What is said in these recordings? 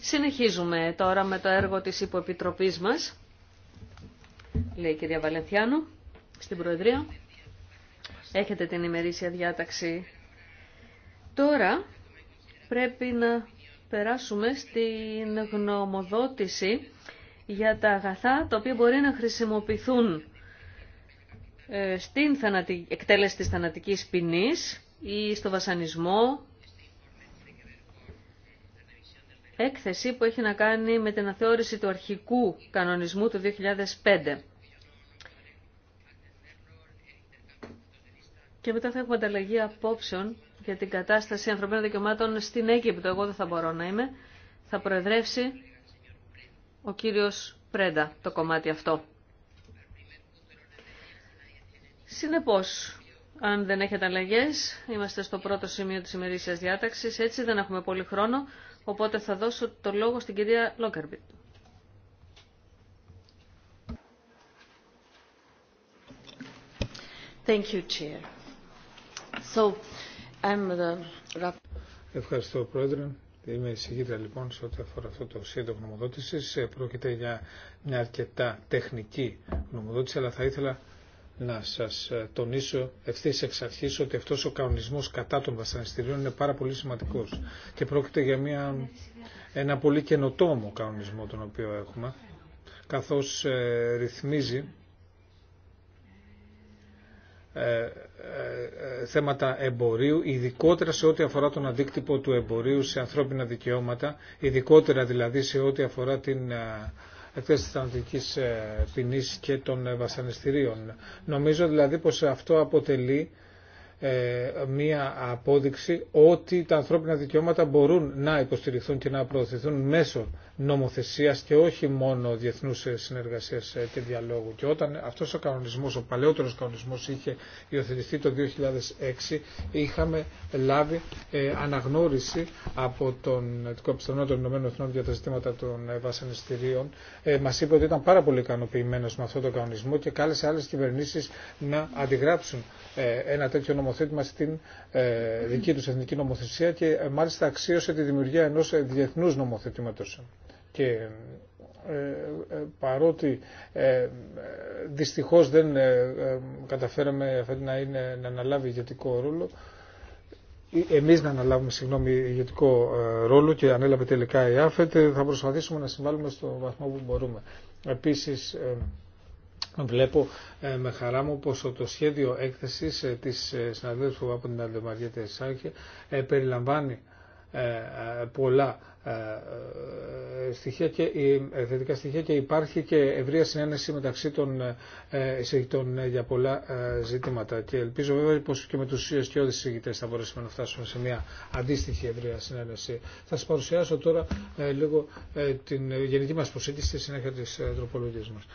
Συνεχίζουμε τώρα με το έργο της υποεπιτροπής μας, λέει η κυρία Βαλενθιάνου, στην Προεδρία. Έχετε την ημερήσια διάταξη. Τώρα πρέπει να περάσουμε στην γνωμοδότηση για τα αγαθά τα οποία μπορεί να χρησιμοποιηθούν ε, στην εκτέλεση της θανατικής ποινής ή στο βασανισμό. Έκθεση που έχει να κάνει με την αθεώρηση του αρχικού κανονισμού του 2005. Και μετά θα έχουμε ανταλλαγή απόψεων για την κατάσταση ανθρωπίνων δικαιωμάτων στην Αίγυπτο. Εγώ δεν θα μπορώ να είμαι. Θα προεδρεύσει ο κύριος Πρέντα το κομμάτι αυτό. Συνεπώς, αν δεν έχετε αλλαγέ, είμαστε στο πρώτο σημείο τη ημερήσιας διάταξη. έτσι δεν έχουμε πολύ χρόνο, οπότε θα δώσω το λόγο στην κυρία Λόκερμπιτ. Ευχαριστώ, Πρόεδρε. Είμαι η εισηγήτρια λοιπόν σε ό,τι αφορά αυτό το σύντομο γνωμοδότηση. Ε, πρόκειται για μια αρκετά τεχνική γνωμοδότηση, αλλά θα ήθελα να σας ε, τονίσω ευθύς εξ αρχής ότι αυτός ο κανονισμός κατά των βασανιστήριων είναι πάρα πολύ σημαντικός και πρόκειται για μια, ένα πολύ καινοτόμο κανονισμό τον οποίο έχουμε καθώς ε, ρυθμίζει ε, θέματα εμπορίου, ειδικότερα σε ό,τι αφορά τον αντίκτυπο του εμπορίου σε ανθρώπινα δικαιώματα, ειδικότερα δηλαδή σε ό,τι αφορά την εκτός της θανατικής ε, ποινής και των ε, βασανιστήριων. Νομίζω δηλαδή πως αυτό αποτελεί ε, μία απόδειξη ότι τα ανθρώπινα δικαιώματα μπορούν να υποστηριχθούν και να προωθηθούν μέσω νομοθεσίας και όχι μόνο διεθνούς συνεργασίας ε, και διαλόγου. Και όταν αυτός ο κανονισμός, ο παλαιότερος κανονισμός είχε υιοθετηθεί το 2006, είχαμε λάβει ε, αναγνώριση από τον Επιστονό των Ηνωμένων Εθνών για τα ζητήματα των βασανιστήριων. Ε, μας είπε ότι ήταν πάρα πολύ ικανοποιημένο με αυτόν τον κανονισμό και κάλεσε άλλες κυβερνήσεις να αντιγράψουν ε, ένα τέτοιο νομοθέτημα στην ε, δική του εθνική νομοθεσία και ε, μάλιστα αξίωσε τη δημιουργία ενός διεθνούς νομοθετήματος. Και παρότι δυστυχώς δεν καταφέραμε να, είναι, να αναλάβει ηγετικό ρόλο, εμείς να αναλάβουμε συγγνώμη ηγετικό ρόλο και ανέλαβε τελικά η ΑΦΕΤ, θα προσπαθήσουμε να συμβάλλουμε στο βαθμό που μπορούμε. Επίσης, Βλέπω ε, με χαρά μου πως το σχέδιο έκθεσης ε, της ε, συναδέλφου από την Αλδεμαρία ε, περιλαμβάνει πολλά στοιχεία και θετικά στοιχεία και υπάρχει και ευρεία συνένεση μεταξύ των εισηγητών για πολλά ζητήματα και ελπίζω βέβαια πως και με τους σκιώδεις εισηγητές θα μπορέσουμε να φτάσουμε σε μια αντίστοιχη ευρεία συνένεση. Θα σας παρουσιάσω τώρα λίγο την γενική μας προσέγγιση στη συνέχεια της τροπολογίας μας.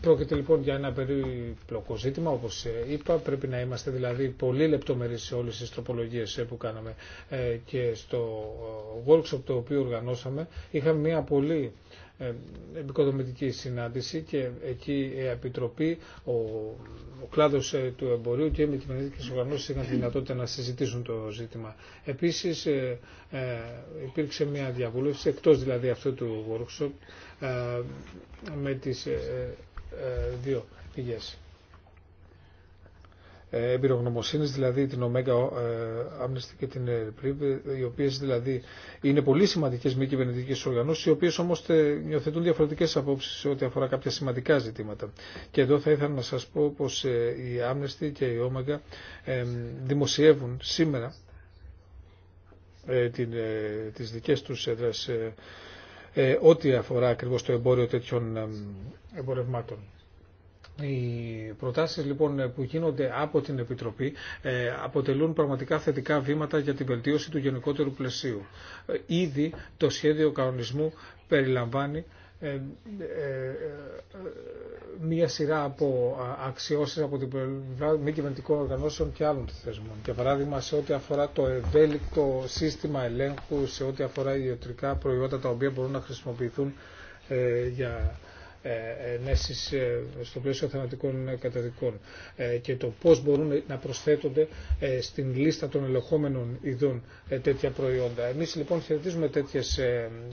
Πρόκειται λοιπόν για ένα περίπλοκο ζήτημα, όπως είπα. Πρέπει να είμαστε δηλαδή πολύ λεπτομερείς σε όλες τις τροπολογίε ε, που κάναμε ε, και στο ε, workshop το οποίο οργανώσαμε. Είχαμε μια πολύ επικοδομητική συνάντηση και εκεί η Επιτροπή, ο, ο κλάδος του εμπορίου και οι κυβερνητικέ οργανώσει είχαν τη δυνατότητα να συζητήσουν το ζήτημα. Επίση υπήρξε μια διαβούλευση, εκτό δηλαδή αυτού του workshop, με τις ε, δύο πηγές ε, εμπειρογνωμοσύνη, δηλαδή την Omega ε, Amnesty και την Reprieve, οι οποίε δηλαδή είναι πολύ σημαντικέ μη κυβερνητικέ οργανώσει, οι οποίε όμω υιοθετούν διαφορετικέ απόψει σε ό,τι αφορά κάποια σημαντικά ζητήματα. Και εδώ θα ήθελα να σα πω πω η Amnesty και η Omega δημοσιεύουν σήμερα τις δικές τους έδρας ε, ό,τι αφορά ακριβώς το εμπόριο τέτοιων εμπορευμάτων. Οι προτάσεις λοιπόν που γίνονται από την Επιτροπή ε, αποτελούν πραγματικά θετικά βήματα για την βελτίωση του γενικότερου πλαισίου. Ε, ήδη το σχέδιο κανονισμού περιλαμβάνει ε, ε, ε, μία σειρά από αξιώσεις από την πλευρά μη κυβερνητικών οργανώσεων και άλλων θεσμών. Για παράδειγμα, σε ό,τι αφορά το ευέλικτο σύστημα ελέγχου, σε ό,τι αφορά ιδιωτικά προϊόντα τα οποία μπορούν να χρησιμοποιηθούν για ε, ενέσεις ε, στο πλαίσιο θεματικών καταδικών ε, και το πώς μπορούν να προσθέτονται στην λίστα των ελεγχόμενων ειδών τέτοια προϊόντα. Εμείς λοιπόν χαιρετίζουμε τέτοιες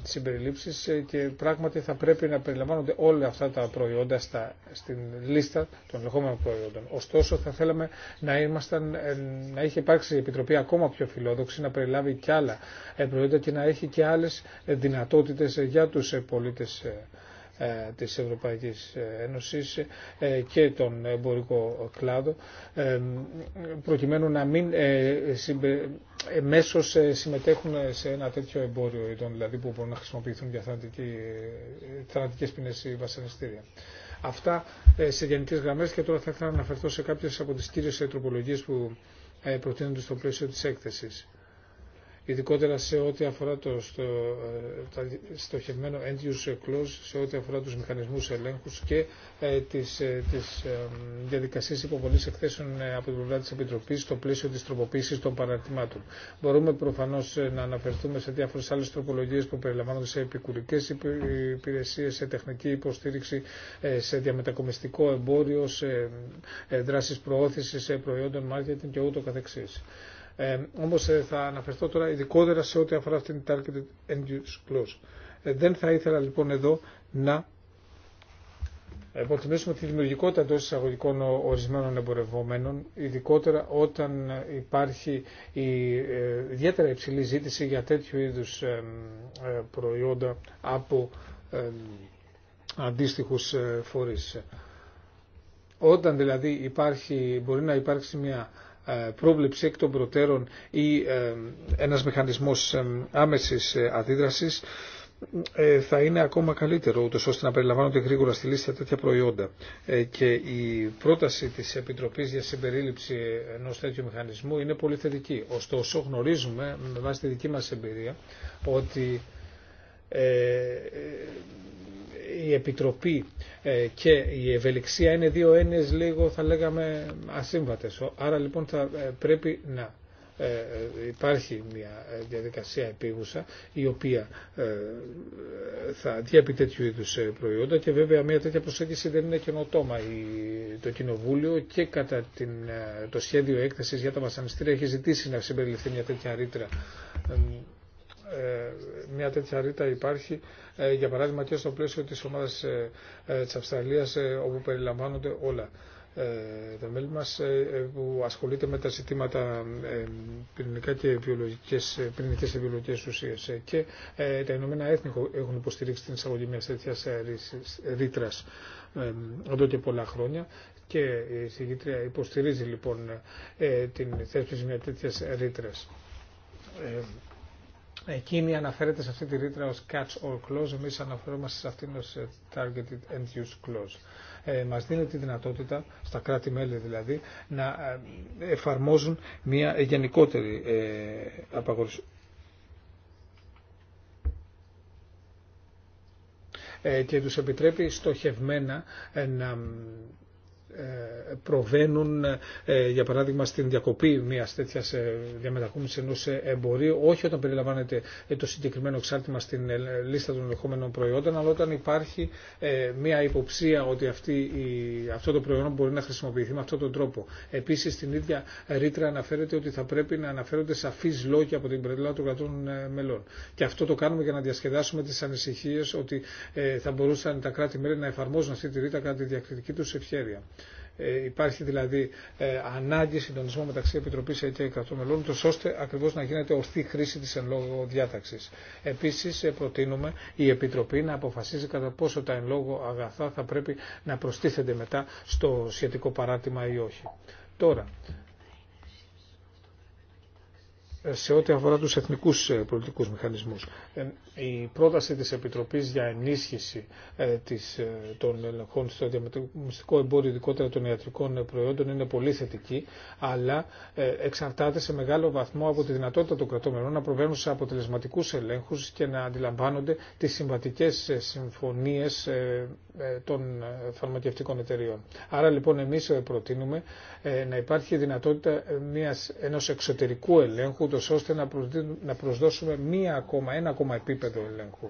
συμπεριλήψεις και πράγματι θα πρέπει να περιλαμβάνονται όλα αυτά τα προϊόντα στα, στην λίστα των ελεγχόμενων προϊόντων. Ωστόσο θα θέλαμε να, ήμασταν, να είχε υπάρξει η Επιτροπή ακόμα πιο φιλόδοξη, να περιλάβει και άλλα προϊόντα και να έχει και άλλες δυνατότητες για τους πολίτες ε, της Ευρωπαϊκής Ένωσης ε, και τον εμπορικό κλάδο ε, προκειμένου να μην μέσω συμμετέχουν σε ένα τέτοιο εμπόριο δηλαδή που μπορούν να χρησιμοποιηθούν για θανατικές ποινές ή βασανιστήρια. Αυτά σε γενικέ γραμμές και τώρα θα ήθελα να αναφερθώ σε κάποιες από τις κύριες τροπολογίες που προτείνονται στο πλαίσιο της έκθεσης ειδικότερα σε ό,τι αφορά το στο, ε, τα, στοχευμένο end use clause, σε ό,τι αφορά τους μηχανισμούς ελέγχους και ε, τις, ε, τις ε, διαδικασίες υποβολής εκθέσεων ε, από την πλευρά της Επιτροπής στο πλαίσιο της τροποποίησης των παρατημάτων. Μπορούμε προφανώς ε, να αναφερθούμε σε διάφορες άλλες τροπολογίες που περιλαμβάνονται σε επικουρικές υπηρεσίες, σε τεχνική υποστήριξη, σε διαμετακομιστικό εμπόριο, σε δράσεις προώθησης, σε προϊόντων marketing και ούτω καθεξής. Ε, όμως ε, θα αναφερθώ τώρα ειδικότερα σε ό,τι αφορά αυτήν την targeted end use clause. Ε, δεν θα ήθελα λοιπόν εδώ να υποτιμήσουμε τη δημιουργικότητα εντό εισαγωγικών ορισμένων εμπορευομένων, ειδικότερα όταν υπάρχει η ε, ιδιαίτερα υψηλή ζήτηση για τέτοιου είδους προϊόντα από αντίστοιχους φορείς. Όταν δηλαδή υπάρχει, μπορεί να υπάρξει μια ε, πρόβλεψη εκ των προτέρων ή ε, ένας μηχανισμός ε, άμεσης αντίδρασης θα είναι ακόμα καλύτερο, ούτως ώστε να περιλαμβάνονται γρήγορα στη λίστα τέτοια προϊόντα. Και η πρόταση της Επιτροπής για συμπερίληψη ενός τέτοιου μηχανισμού είναι πολύ θετική. Ωστόσο γνωρίζουμε, με βάση τη δική μας εμπειρία, ότι η επιτροπή ε, και η ευελιξία είναι δύο έννοιες λίγο θα λέγαμε ασύμβατες. Άρα λοιπόν θα ε, πρέπει να ε, υπάρχει μια διαδικασία επίγουσα η οποία θα διέπει τέτοιου είδους προϊόντα και βέβαια μια τέτοια προσέγγιση δεν είναι καινοτόμα. Το Κοινοβούλιο και κατά την, το σχέδιο έκθεσης για τα βασανιστήρια έχει ζητήσει να συμπεριληφθεί μια τέτοια ρήτρα ε, μια τέτοια ρήτα υπάρχει ε, για παράδειγμα και στο πλαίσιο της ομάδας ε, της Αυστραλίας όπου περιλαμβάνονται όλα τα μέλη μας που ασχολείται με τα ζητήματα πυρηνικά και βιολογικές, πυρηνικές και βιολογικές ουσίες και τα Ηνωμένα Έθνη έχουν υποστηρίξει την εισαγωγή μιας τέτοιας ρήτρας εδώ και πολλά χρόνια και η συγκήτρια υποστηρίζει λοιπόν την θέσπιση μια τέτοια ρήτρας. Εκείνη αναφέρεται σε αυτή τη ρήτρα ως catch all clause, εμείς αναφερόμαστε σε αυτήν ως ε, targeted end use clause. Ε, μας δίνει τη δυνατότητα, στα κράτη-μέλη δηλαδή, να ε, εφαρμόζουν μια γενικότερη ε, Ε, και τους επιτρέπει στοχευμένα ε, να ε, προβαίνουν ε, για παράδειγμα στην διακοπή μια τέτοια ε, διαμετακόμιση ενό εμπορίου, όχι όταν περιλαμβάνεται το συγκεκριμένο εξάρτημα στην λίστα των ελεγχόμενων προϊόντων, αλλά όταν υπάρχει μια υποψία ότι αυτή, αυτό το προϊόν μπορεί να χρησιμοποιηθεί με αυτόν τον τρόπο. Επίση, στην ίδια ρήτρα αναφέρεται ότι θα πρέπει να αναφέρονται σαφεί λόγοι από την πλευρά των κρατών μελών. Και αυτό το κάνουμε για να διασκεδάσουμε τι ανησυχίε ότι θα μπορούσαν τα κράτη-μέλη να εφαρμόζουν αυτή τη ρήτρα κατά τη διακριτική του ευχέρεια. Ε, υπάρχει δηλαδή ε, ανάγκη συντονισμού μεταξύ Επιτροπή και κρατών μελών, ώστε ακριβώ να γίνεται ορθή χρήση τη εν λόγω διάταξη. Επίση, ε, προτείνουμε η Επιτροπή να αποφασίζει κατά πόσο τα εν λόγω αγαθά θα πρέπει να προστίθενται μετά στο σχετικό παράτημα ή όχι. Τώρα, σε ό,τι αφορά τους εθνικούς ε, πολιτικούς μηχανισμούς. Ε, η πρόταση της Επιτροπής για ενίσχυση ε, των ελεγχών στο διαμετωπιστικό εμπόριο, ειδικότερα των ιατρικών προϊόντων, είναι πολύ θετική, αλλά εξαρτάται σε μεγάλο βαθμό από τη δυνατότητα των κρατών να προβαίνουν σε αποτελεσματικούς ελέγχους και να αντιλαμβάνονται τις συμβατικές συμφωνίες των φαρμακευτικών εταιριών. Άρα λοιπόν εμείς προτείνουμε να υπάρχει δυνατότητα ενός εξωτερικού ελέγχου ώστε να προσδώσουμε μία ακόμα, ένα ακόμα επίπεδο ελέγχου.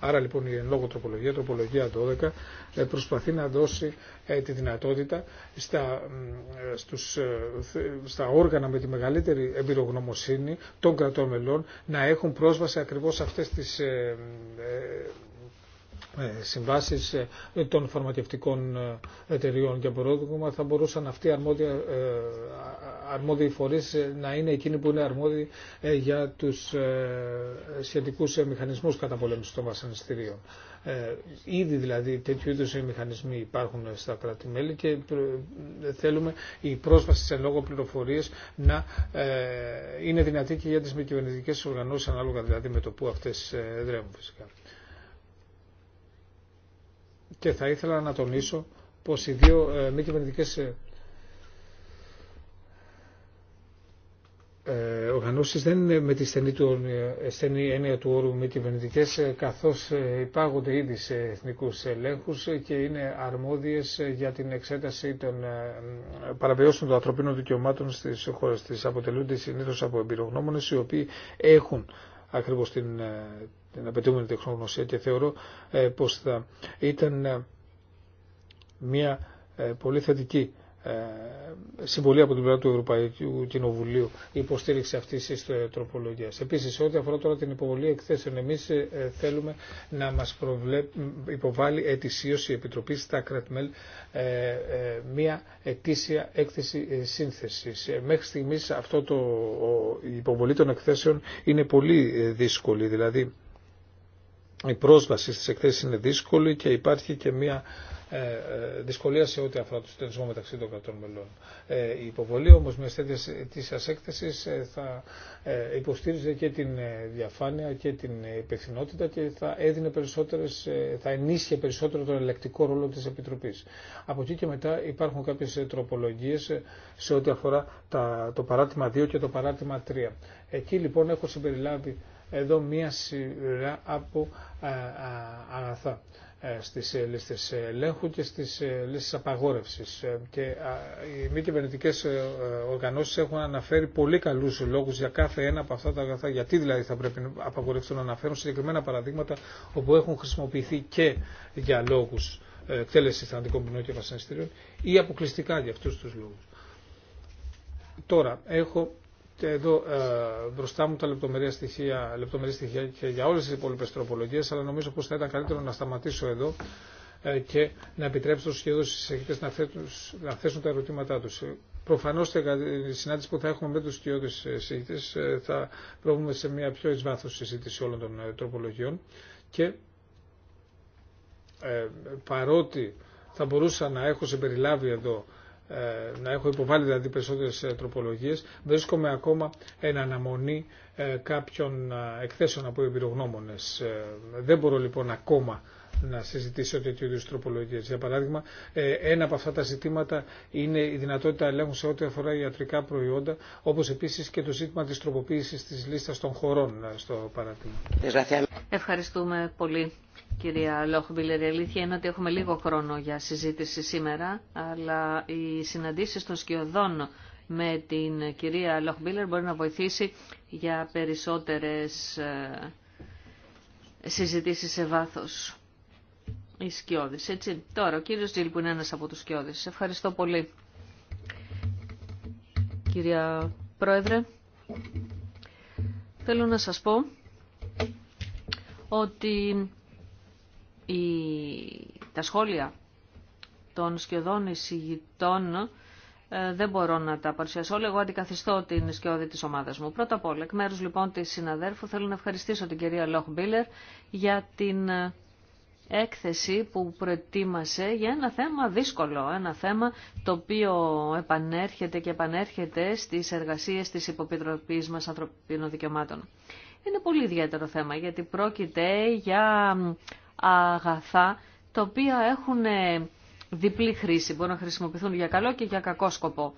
Άρα λοιπόν η εν λόγω τροπολογία, τροπολογία 12, ε, προσπαθεί να δώσει ε, τη δυνατότητα στα, ε, στους, στα όργανα με τη μεγαλύτερη εμπειρογνωμοσύνη των κρατών μελών να έχουν πρόσβαση ακριβώς σε αυτές τις ε, συμβάσεις ε, των φαρμακευτικών ε, εταιριών για παράδειγμα θα μπορούσαν αυτοί οι αρμόδιοι φορείς να είναι εκείνοι που είναι αρμόδιοι για τους σχετικούς μηχανισμούς καταπολέμησης των βασανιστήριων. Ήδη δηλαδή τέτοιου είδους μηχανισμοί υπάρχουν στα κράτη-μέλη και θέλουμε η πρόσβαση σε λόγο πληροφορίες να είναι δυνατή και για τις μη κυβερνητικές οργανώσεις ανάλογα δηλαδή με το που αυτές δρέμουν φυσικά και θα ήθελα να τονίσω πως οι δύο ε, μη κυβερνητικέ ε, ε, οργανώσεις δεν είναι με τη στενή, του, έννοια του όρου μη κυβερνητικέ, καθώς υπάγονται ήδη σε εθνικούς ελέγχους και είναι αρμόδιες για την εξέταση των παραβιώσεων των ανθρωπίνων δικαιωμάτων στις χώρες της. Αποτελούνται συνήθως από εμπειρογνώμονες οι οποίοι έχουν ακριβώς την την απαιτούμενη τεχνογνωσία και θεωρώ ε, πως θα ήταν ε, μια ε, πολύ θετική συμβολή από την πλευρά του Ευρωπαϊκού Κοινοβουλίου η υποστήριξη αυτή τη τροπολογία. Επίση, ό,τι αφορά τώρα την υποβολή εκθέσεων, εμεί θέλουμε να μα προβλεπ... υποβάλει ετησίω η Επιτροπή στα Μελ μία ετήσια έκθεση σύνθεση. Μέχρι στιγμή αυτό το... η υποβολή των εκθέσεων είναι πολύ δύσκολη. Δηλαδή, η πρόσβαση στις εκθέσεις είναι δύσκολη και υπάρχει και μια ε, ε, δυσκολία σε ό,τι αφορά το συντονισμό μεταξύ των κρατών μελών. Ε, η υποβολή όμως τέτοια ετήσια έκθεση ε, θα υποστήριζε και την διαφάνεια και την υπευθυνότητα και θα έδινε περισσότερες, θα ενίσχυε περισσότερο τον ελεκτικό ρόλο τη Επιτροπή. Από εκεί και μετά υπάρχουν κάποιες τροπολογίες σε ό,τι αφορά τα, το παράτημα 2 και το παράτημα 3. Εκεί λοιπόν έχω συμπεριλάβει εδώ μία σειρά από ε, ε, αγαθά ε, στις λίστες ελέγχου και στις λίστες απαγόρευσης. Και οι μη κυβερνητικέ οργανώσεις έχουν αναφέρει πολύ καλούς λόγους για κάθε ένα από αυτά τα αγαθά. Γιατί δηλαδή θα πρέπει να απαγορευτούν να αναφέρουν συγκεκριμένα παραδείγματα όπου έχουν χρησιμοποιηθεί και για λόγους εκτέλεση θανατικών ποινών και βασανιστήριων ή αποκλειστικά για αυτούς τους λόγους. Τώρα, έχω εδώ ε, μπροστά μου τα λεπτομερή στοιχεία, στοιχεία και για όλες τις υπόλοιπες τροπολογίες, αλλά νομίζω πως θα ήταν καλύτερο να σταματήσω εδώ ε, και να επιτρέψω στους σχεδόν συζητητές να, να θέσουν τα ερωτήματά τους. Προφανώ η συνάντηση που θα έχουμε με του κοιόδη συζητητέ ε, θα προβούμε σε μια πιο ει βάθο συζήτηση όλων των τροπολογιών και ε, παρότι θα μπορούσα να έχω συμπεριλάβει εδώ ε, να έχω υποβάλει δηλαδή περισσότερες ε, τροπολογίες, βρίσκομαι ακόμα εν αναμονή ε, κάποιων εκθέσεων από εμπειρογνώμονες. Δεν μπορώ λοιπόν ακόμα να συζητήσω τέτοιου είδου τροπολογίε. Για παράδειγμα, ε, ένα από αυτά τα ζητήματα είναι η δυνατότητα ελέγχου σε ό,τι αφορά ιατρικά προϊόντα, όπω επίση και το ζήτημα τη τροποποίηση τη λίστα των χωρών ε, στο παράδειγμα. Ευχαριστούμε πολύ, κυρία Λόχμπιλερ. Η αλήθεια είναι ότι έχουμε λίγο χρόνο για συζήτηση σήμερα, αλλά οι συναντήσει των σκιωδών με την κυρία Λόχμπιλερ μπορεί να βοηθήσει για περισσότερε ε, συζητήσει σε βάθο οι σκιώδεις, έτσι. Τώρα, ο κύριος Τζιλ που είναι ένας από τους σκιώδεις. Ευχαριστώ πολύ. Κυρία Πρόεδρε, θέλω να σας πω ότι η... τα σχόλια των σκιωδών εισηγητών ε, δεν μπορώ να τα παρουσιάσω όλα. Εγώ αντικαθιστώ την σκιώδη τη ομάδα μου. Πρώτα απ' όλα, εκ μέρου λοιπόν τη συναδέρφου, θέλω να ευχαριστήσω την κυρία Λόχ Μπίλερ για την ε, έκθεση που προετοίμασε για ένα θέμα δύσκολο, ένα θέμα το οποίο επανέρχεται και επανέρχεται στις εργασίες της Υποπιτροπής μας Ανθρωπίνων Δικαιωμάτων. Είναι πολύ ιδιαίτερο θέμα γιατί πρόκειται για αγαθά τα οποία έχουν ε, διπλή χρήση, μπορούν να χρησιμοποιηθούν για καλό και για κακό σκοπό.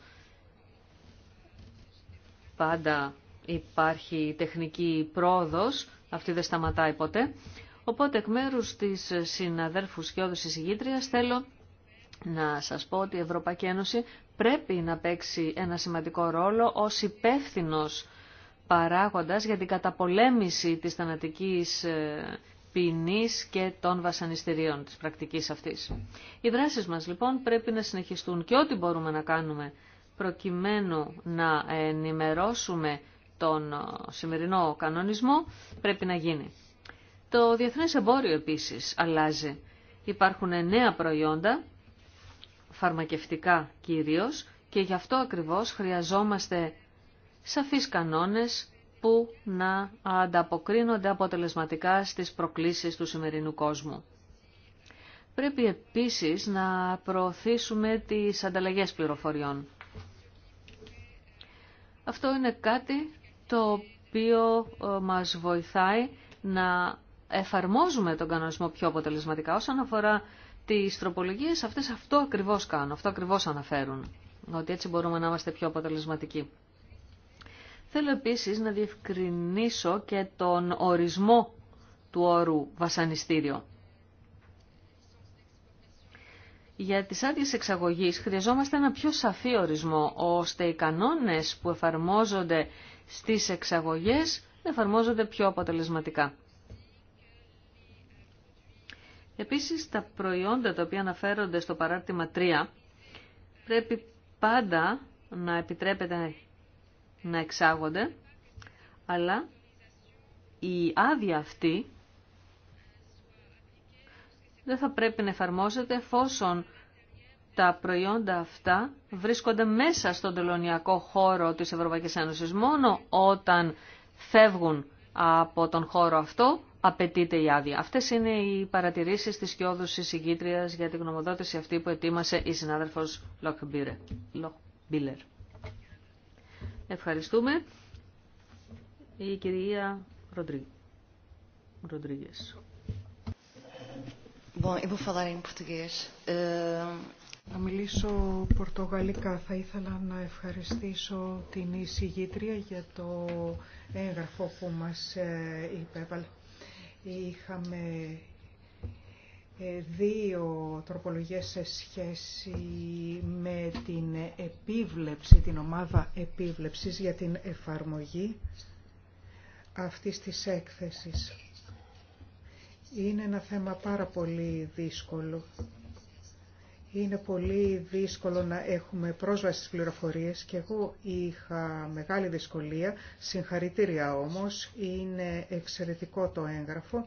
Πάντα υπάρχει τεχνική πρόοδος, αυτή δεν σταματάει ποτέ. Οπότε εκ μέρου τη συναδέρφου και όδου θέλω να σας πω ότι η Ευρωπαϊκή Ένωση πρέπει να παίξει ένα σημαντικό ρόλο ως υπεύθυνο παράγοντας για την καταπολέμηση της θανατικής ε, ποινή και των βασανιστήριων της πρακτικής αυτής. Οι δράσεις μας λοιπόν πρέπει να συνεχιστούν και ό,τι μπορούμε να κάνουμε προκειμένου να ενημερώσουμε τον ε, σημερινό κανονισμό πρέπει να γίνει. Το διεθνές εμπόριο επίσης αλλάζει. Υπάρχουν νέα προϊόντα, φαρμακευτικά κυρίως, και γι' αυτό ακριβώς χρειαζόμαστε σαφείς κανόνες που να ανταποκρίνονται αποτελεσματικά στις προκλήσεις του σημερινού κόσμου. Πρέπει επίσης να προωθήσουμε τις ανταλλαγές πληροφοριών. Αυτό είναι κάτι το οποίο ε, μας βοηθάει να εφαρμόζουμε τον κανονισμό πιο αποτελεσματικά. Όσον αφορά τις τροπολογίες, αυτές αυτό ακριβώς κάνουν, αυτό ακριβώς αναφέρουν, ότι έτσι μπορούμε να είμαστε πιο αποτελεσματικοί. Θέλω επίσης να διευκρινίσω και τον ορισμό του όρου βασανιστήριο. Για τις άδειε εξαγωγής χρειαζόμαστε ένα πιο σαφή ορισμό, ώστε οι κανόνες που εφαρμόζονται στις εξαγωγές εφαρμόζονται πιο αποτελεσματικά. Επίσης, τα προϊόντα τα οποία αναφέρονται στο παράρτημα 3 πρέπει πάντα να επιτρέπεται να εξάγονται, αλλά η άδεια αυτή δεν θα πρέπει να εφαρμόζεται εφόσον τα προϊόντα αυτά βρίσκονται μέσα στον τελωνιακό χώρο της Ευρωπαϊκής Ένωσης μόνο όταν φεύγουν από τον χώρο αυτό απαιτείται η άδεια. Αυτές είναι οι παρατηρήσεις της Κιόδους εισηγήτριας για την γνωμοδότηση αυτή που ετοίμασε η συνάδελφος Λοχμπίλερ. Ευχαριστούμε. Η κυρία Ροντρί... Euh, Θα μιλήσω πορτογαλικά. Θα ήθελα να ευχαριστήσω την εισηγήτρια για το έγγραφο που μας ε, υπέβαλε. Είχαμε ε, δύο τροπολογίες σε σχέση με την επίβλεψη, την ομάδα επίβλεψης για την εφαρμογή αυτής της έκθεσης. Είναι ένα θέμα πάρα πολύ δύσκολο είναι πολύ δύσκολο να έχουμε πρόσβαση στις πληροφορίες και εγώ είχα μεγάλη δυσκολία, συγχαρητήρια όμως, είναι εξαιρετικό το έγγραφο.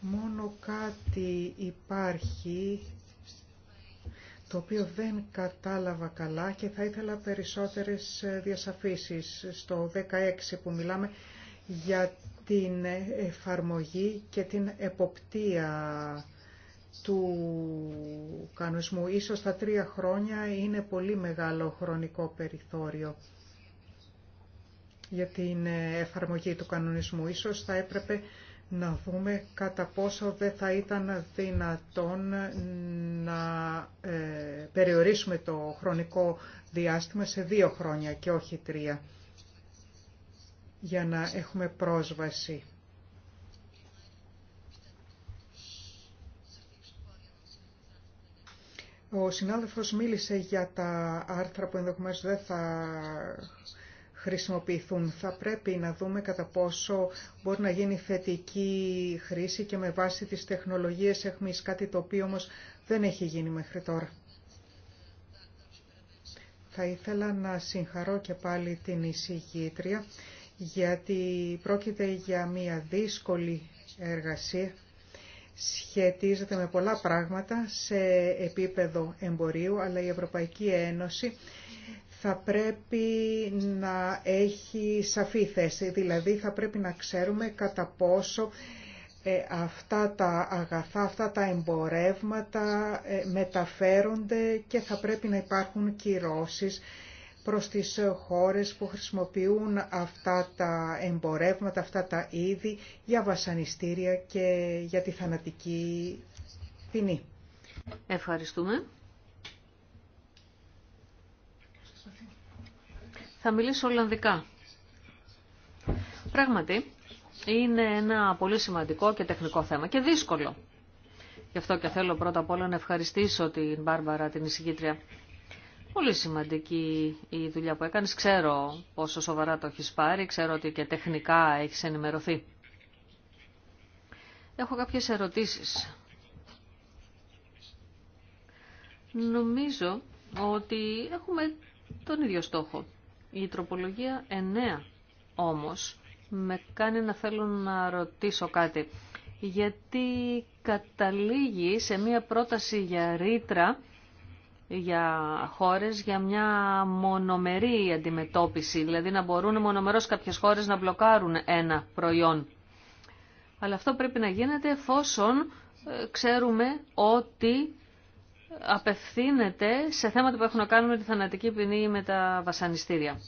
Μόνο κάτι υπάρχει το οποίο δεν κατάλαβα καλά και θα ήθελα περισσότερες διασαφήσεις στο 16 που μιλάμε για την εφαρμογή και την εποπτεία του κανονισμού. Ίσως τα τρία χρόνια είναι πολύ μεγάλο χρονικό περιθώριο για την εφαρμογή του κανονισμού. Ίσως θα έπρεπε να δούμε κατά πόσο δεν θα ήταν δυνατόν να ε, περιορίσουμε το χρονικό διάστημα σε δύο χρόνια και όχι τρία για να έχουμε πρόσβαση Ο συνάδελφος μίλησε για τα άρθρα που ενδεχομένως δεν θα χρησιμοποιηθούν. Θα πρέπει να δούμε κατά πόσο μπορεί να γίνει θετική χρήση και με βάση τις τεχνολογίες έχουμε κάτι το οποίο όμως δεν έχει γίνει μέχρι τώρα. Θα ήθελα να συγχαρώ και πάλι την εισηγήτρια γιατί πρόκειται για μια δύσκολη εργασία σχετίζεται με πολλά πράγματα σε επίπεδο εμπορίου, αλλά η Ευρωπαϊκή Ένωση θα πρέπει να έχει σαφή θέση, δηλαδή θα πρέπει να ξέρουμε κατά πόσο ε, αυτά τα αγαθά, αυτά τα εμπορεύματα ε, μεταφέρονται και θα πρέπει να υπάρχουν κυρώσεις προς τις χώρες που χρησιμοποιούν αυτά τα εμπορεύματα, αυτά τα είδη για βασανιστήρια και για τη θανατική ποινή. Ευχαριστούμε. Θα μιλήσω Ολλανδικά. Πράγματι, είναι ένα πολύ σημαντικό και τεχνικό θέμα και δύσκολο. Γι' αυτό και θέλω πρώτα απ' όλα να ευχαριστήσω την Μπάρμπαρα, την εισηγήτρια. Πολύ σημαντική η δουλειά που έκανες. Ξέρω πόσο σοβαρά το έχεις πάρει, ξέρω ότι και τεχνικά έχεις ενημερωθεί. Έχω κάποιες ερωτήσεις. Νομίζω ότι έχουμε τον ίδιο στόχο. Η τροπολογία 9 όμως με κάνει να θέλω να ρωτήσω κάτι. Γιατί καταλήγει σε μία πρόταση για ρήτρα για χώρες για μια μονομερή αντιμετώπιση, δηλαδή να μπορούν μονομερώς κάποιες χώρες να μπλοκάρουν ένα προϊόν. Αλλά αυτό πρέπει να γίνεται εφόσον ε, ξέρουμε ότι απευθύνεται σε θέματα που έχουν να κάνουν με τη θανατική ποινή ή με τα βασανιστήρια.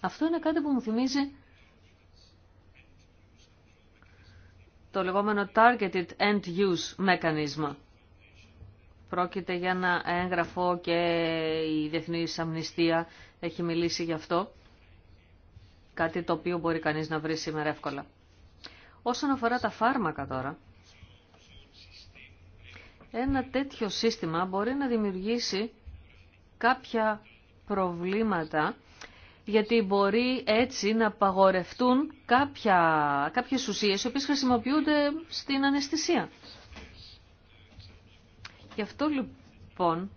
Αυτό είναι κάτι που μου θυμίζει το λεγόμενο Targeted End Use Mechanism Πρόκειται για ένα έγγραφο και η Διεθνής Αμνηστία έχει μιλήσει γι' αυτό. Κάτι το οποίο μπορεί κανείς να βρει σήμερα εύκολα. Όσον αφορά τα φάρμακα τώρα, ένα τέτοιο σύστημα μπορεί να δημιουργήσει κάποια προβλήματα γιατί μπορεί έτσι να παγορευτούν κάποια, κάποιες ουσίες οι οποίες χρησιμοποιούνται στην αναισθησία. Γι' αυτό λοιπόν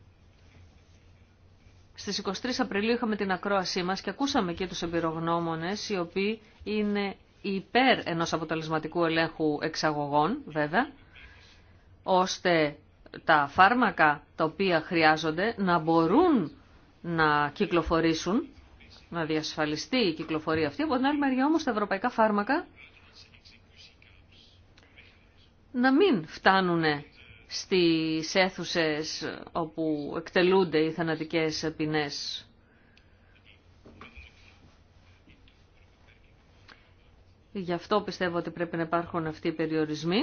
στις 23 Απριλίου είχαμε την ακρόασή μας και ακούσαμε και τους εμπειρογνώμονες οι οποίοι είναι υπέρ ενός αποτελεσματικού ελέγχου εξαγωγών βέβαια ώστε τα φάρμακα τα οποία χρειάζονται να μπορούν να κυκλοφορήσουν, να διασφαλιστεί η κυκλοφορία αυτή. Από την άλλη μεριά όμως τα ευρωπαϊκά φάρμακα να μην φτάνουν στις αίθουσες όπου εκτελούνται οι θανατικές ποινές. Γι' αυτό πιστεύω ότι πρέπει να υπάρχουν αυτοί οι περιορισμοί.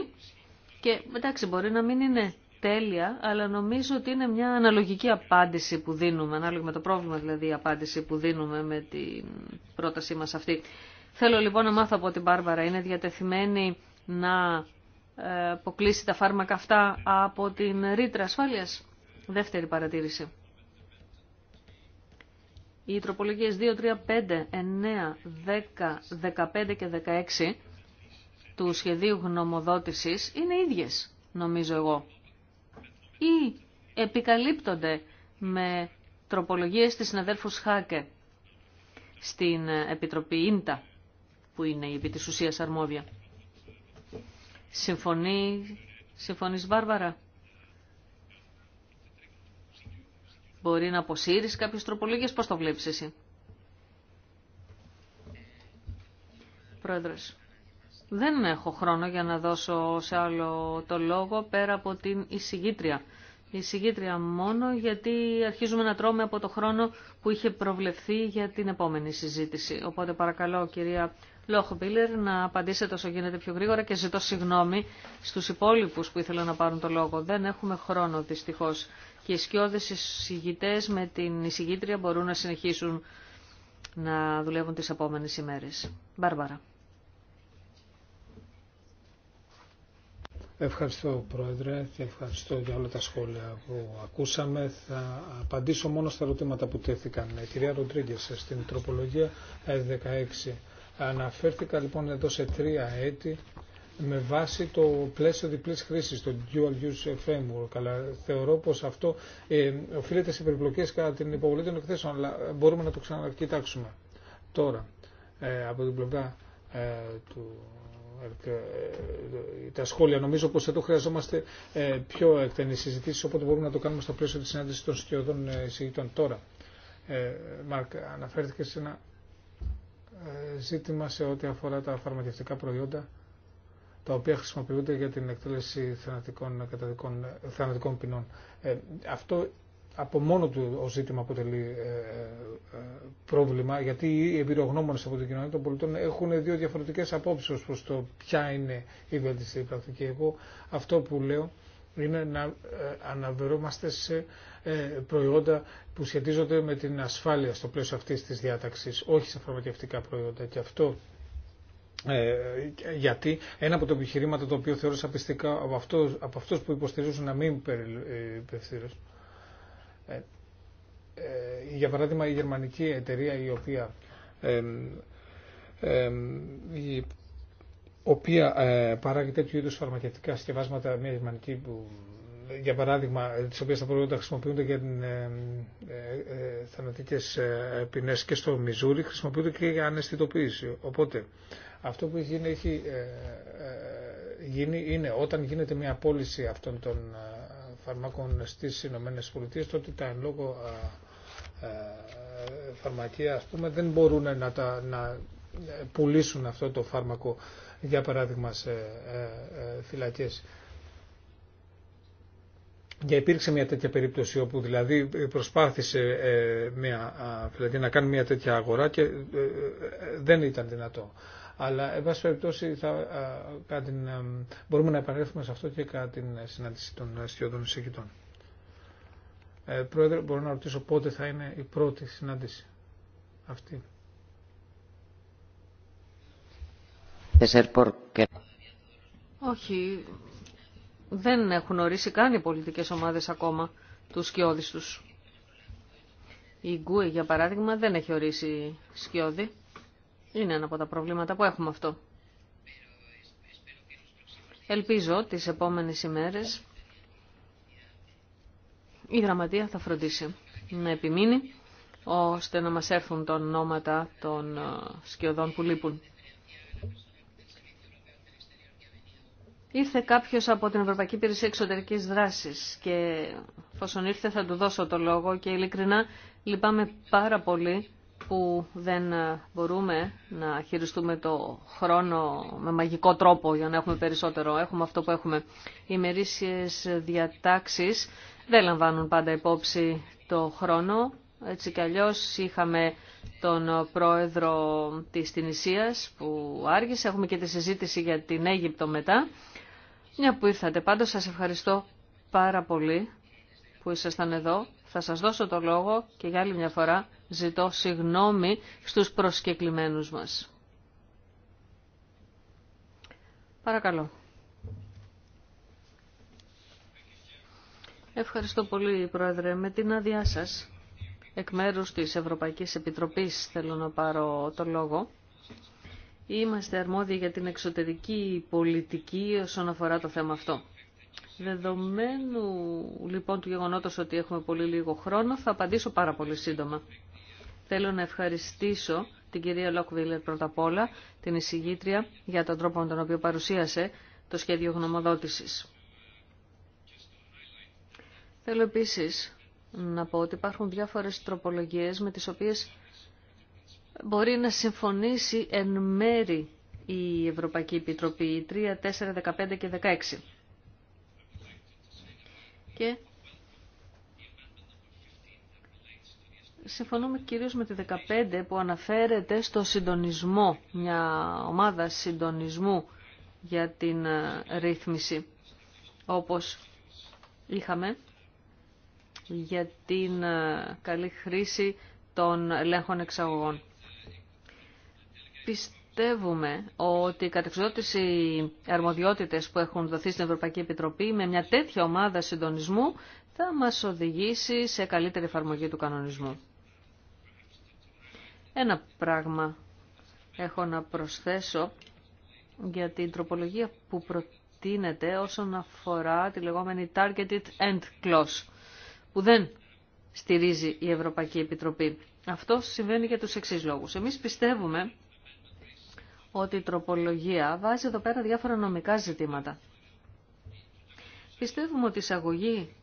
Και εντάξει, μπορεί να μην είναι τέλεια, αλλά νομίζω ότι είναι μια αναλογική απάντηση που δίνουμε, ανάλογα με το πρόβλημα δηλαδή η απάντηση που δίνουμε με την πρότασή μας αυτή. Θέλω λοιπόν να μάθω από την Μπάρμπαρα, είναι διατεθειμένη να αποκλείσει τα φάρμακα αυτά από την ρήτρα ασφάλειας. Δεύτερη παρατήρηση. Οι τροπολογίες 2, 3, 5, 9, 10, 15 και 16 του σχεδίου γνωμοδότησης είναι ίδιες, νομίζω εγώ. Ή επικαλύπτονται με τροπολογίες της συναδέλφους Χάκε στην Επιτροπή Ίντα, που είναι η επί της συναδελφου χακε στην επιτροπη ιντα που ειναι η επι της αρμοδια Συμφωνεί, συμφωνείς Βάρβαρα. Μπορεί να αποσύρεις κάποιες τροπολογίες, πώς το βλέπεις εσύ. Δεν έχω χρόνο για να δώσω σε άλλο το λόγο πέρα από την εισηγήτρια. Η εισηγήτρια μόνο γιατί αρχίζουμε να τρώμε από το χρόνο που είχε προβλεφθεί για την επόμενη συζήτηση. Οπότε παρακαλώ κυρία Λόχμπίλερ να απαντήσετε όσο γίνεται πιο γρήγορα και ζητώ συγγνώμη στους υπόλοιπους που ήθελαν να πάρουν το λόγο. Δεν έχουμε χρόνο δυστυχώς και οι σκιώδες εισηγητές με την εισηγήτρια μπορούν να συνεχίσουν να δουλεύουν τις επόμενες ημέρες. Μπάρμπαρα. Ευχαριστώ Πρόεδρε και ευχαριστώ για όλα τα σχόλια που ακούσαμε. Θα απαντήσω μόνο στα ερωτήματα που τέθηκαν. Κυρία Ροντρίγκε, στην τροπολογία 16 ε, Αναφέρθηκα λοιπόν εδώ σε τρία έτη με βάση το πλαίσιο διπλής χρήσης, το Dual Use Framework, αλλά θεωρώ πως αυτό ε, οφείλεται σε περιπλοκές κατά την υποβολή των εκθέσεων, αλλά μπορούμε να το ξανακοιτάξουμε. Τώρα, ε, από την πλευρά ε, του ε, ε, τα σχόλια. Νομίζω πως εδώ χρειαζόμαστε ε, πιο εκτενή συζητήσεις, οπότε μπορούμε να το κάνουμε στο πλαίσιο της συνάντησης των σκιωδών εισηγητών. Τώρα, Μαρκ, αναφέρθηκε σε ένα ζήτημα σε ό,τι αφορά τα φαρμακευτικά προϊόντα τα οποία χρησιμοποιούνται για την εκτέλεση θανατικών, καταδικών, θανατικών ποινών. Ε, αυτό από μόνο του ο ζήτημα αποτελεί ε, ε, πρόβλημα, γιατί οι εμπειρογνώμονες από την κοινωνία των πολιτών έχουν δύο διαφορετικές απόψεις ως προς το ποια είναι η βελτιστή πρακτική. Εγώ αυτό που λέω είναι να αναβερόμαστε σε ε, προϊόντα που σχετίζονται με την ασφάλεια στο πλαίσιο αυτής της διάταξης, όχι σε φαρμακευτικά προϊόντα. Και αυτό ε, γιατί ένα από τα επιχειρήματα το οποίο θεώρησα πιστικά από, αυτό, από αυτούς που υποστηρίζουν να μην ε, υπευθύνουν. Ε, ε, για παράδειγμα η γερμανική εταιρεία η οποία, η οποία παράγει τέτοιου είδους φαρμακευτικά συσκευάσματα, μια γερμανική που για παράδειγμα, τις οποίες τα προϊόντα χρησιμοποιούνται για την, ε, ε, ε, ε και στο Μιζούρι, χρησιμοποιούνται και για αναισθητοποίηση. Οπότε, αυτό που έχει, έχει ε, γίνει είναι όταν γίνεται μια πώληση αυτών των φαρμάκων στις Ηνωμένες Πολιτείες, τότε τα εν λόγω φαρμακεία, ας δεν μπορούν να, να πουλήσουν αυτό το φάρμακο, για παράδειγμα, σε φυλακές. Για υπήρξε μια τέτοια περίπτωση όπου δηλαδή ε, προσπάθησε ε, μια, δηλαδή να κάνει μια τέτοια αγορά και ε, δεν ήταν δυνατό. Αλλά, εν πάση περιπτώσει, θα, κατά την, μπορούμε να επανέλθουμε σε αυτό και κατά την συνάντηση των αστιωτών εισηγητών. Ε, πρόεδρε, μπορώ να ρωτήσω πότε θα είναι η πρώτη συνάντηση αυτή. Όχι, δεν έχουν ορίσει καν οι πολιτικές ομάδες ακόμα τους σκιώδεις τους. Η Γκουε, για παράδειγμα, δεν έχει ορίσει σκιώδη. Είναι ένα από τα προβλήματα που έχουμε αυτό. Ελπίζω τις επόμενες ημέρες η γραμματεία θα φροντίσει να επιμείνει ώστε να μας έρθουν τα ονόματα των ε, σκιωδών που λείπουν. Ήρθε κάποιος από την Ευρωπαϊκή Υπηρεσία Εξωτερικής Δράσης και εφόσον ήρθε θα του δώσω το λόγο και ειλικρινά λυπάμαι πάρα πολύ που δεν μπορούμε να χειριστούμε το χρόνο με μαγικό τρόπο για να έχουμε περισσότερο. Έχουμε αυτό που έχουμε. Οι διατάξεις δεν λαμβάνουν πάντα υπόψη το χρόνο. Έτσι κι αλλιώς είχαμε τον πρόεδρο της Τινησίας που άργησε. Έχουμε και τη συζήτηση για την Αίγυπτο μετά. Μια που ήρθατε, πάντως σας ευχαριστώ πάρα πολύ που ήσασταν εδώ. Θα σας δώσω το λόγο και για άλλη μια φορά ζητώ συγνώμη στους προσκεκλημένους μας. Παρακαλώ. Ευχαριστώ πολύ, Πρόεδρε. Με την άδειά σας, εκ μέρους της Ευρωπαϊκής Επιτροπής θέλω να πάρω το λόγο είμαστε αρμόδιοι για την εξωτερική πολιτική όσον αφορά το θέμα αυτό. Δεδομένου λοιπόν του γεγονότος ότι έχουμε πολύ λίγο χρόνο, θα απαντήσω πάρα πολύ σύντομα. Θέλω να ευχαριστήσω την κυρία Λόκβιλερ πρώτα απ' όλα, την εισηγήτρια, για τον τρόπο με τον οποίο παρουσίασε το σχέδιο γνωμοδότησης. Θέλω επίσης να πω ότι υπάρχουν διάφορες τροπολογίες με τις οποίες μπορεί να συμφωνήσει εν μέρη η Ευρωπαϊκή Επιτροπή 3, 4, 15 και 16. Και συμφωνούμε κυρίως με τη 15 που αναφέρεται στο συντονισμό, μια ομάδα συντονισμού για την ε, ρύθμιση, όπως είχαμε για την ε, καλή χρήση των ελέγχων εξαγωγών πιστεύουμε ότι η κατεξοδότηση αρμοδιότητες που έχουν δοθεί στην Ευρωπαϊκή Επιτροπή με μια τέτοια ομάδα συντονισμού θα μας οδηγήσει σε καλύτερη εφαρμογή του κανονισμού. Ένα πράγμα έχω να προσθέσω για την τροπολογία που προτείνεται όσον αφορά τη λεγόμενη Targeted End Clause, που δεν στηρίζει η Ευρωπαϊκή Επιτροπή. Αυτό συμβαίνει για τους εξής λόγους. Εμείς πιστεύουμε ότι η τροπολογία βάζει εδώ πέρα διάφορα νομικά ζητήματα. Πιστεύουμε ότι η εισαγωγή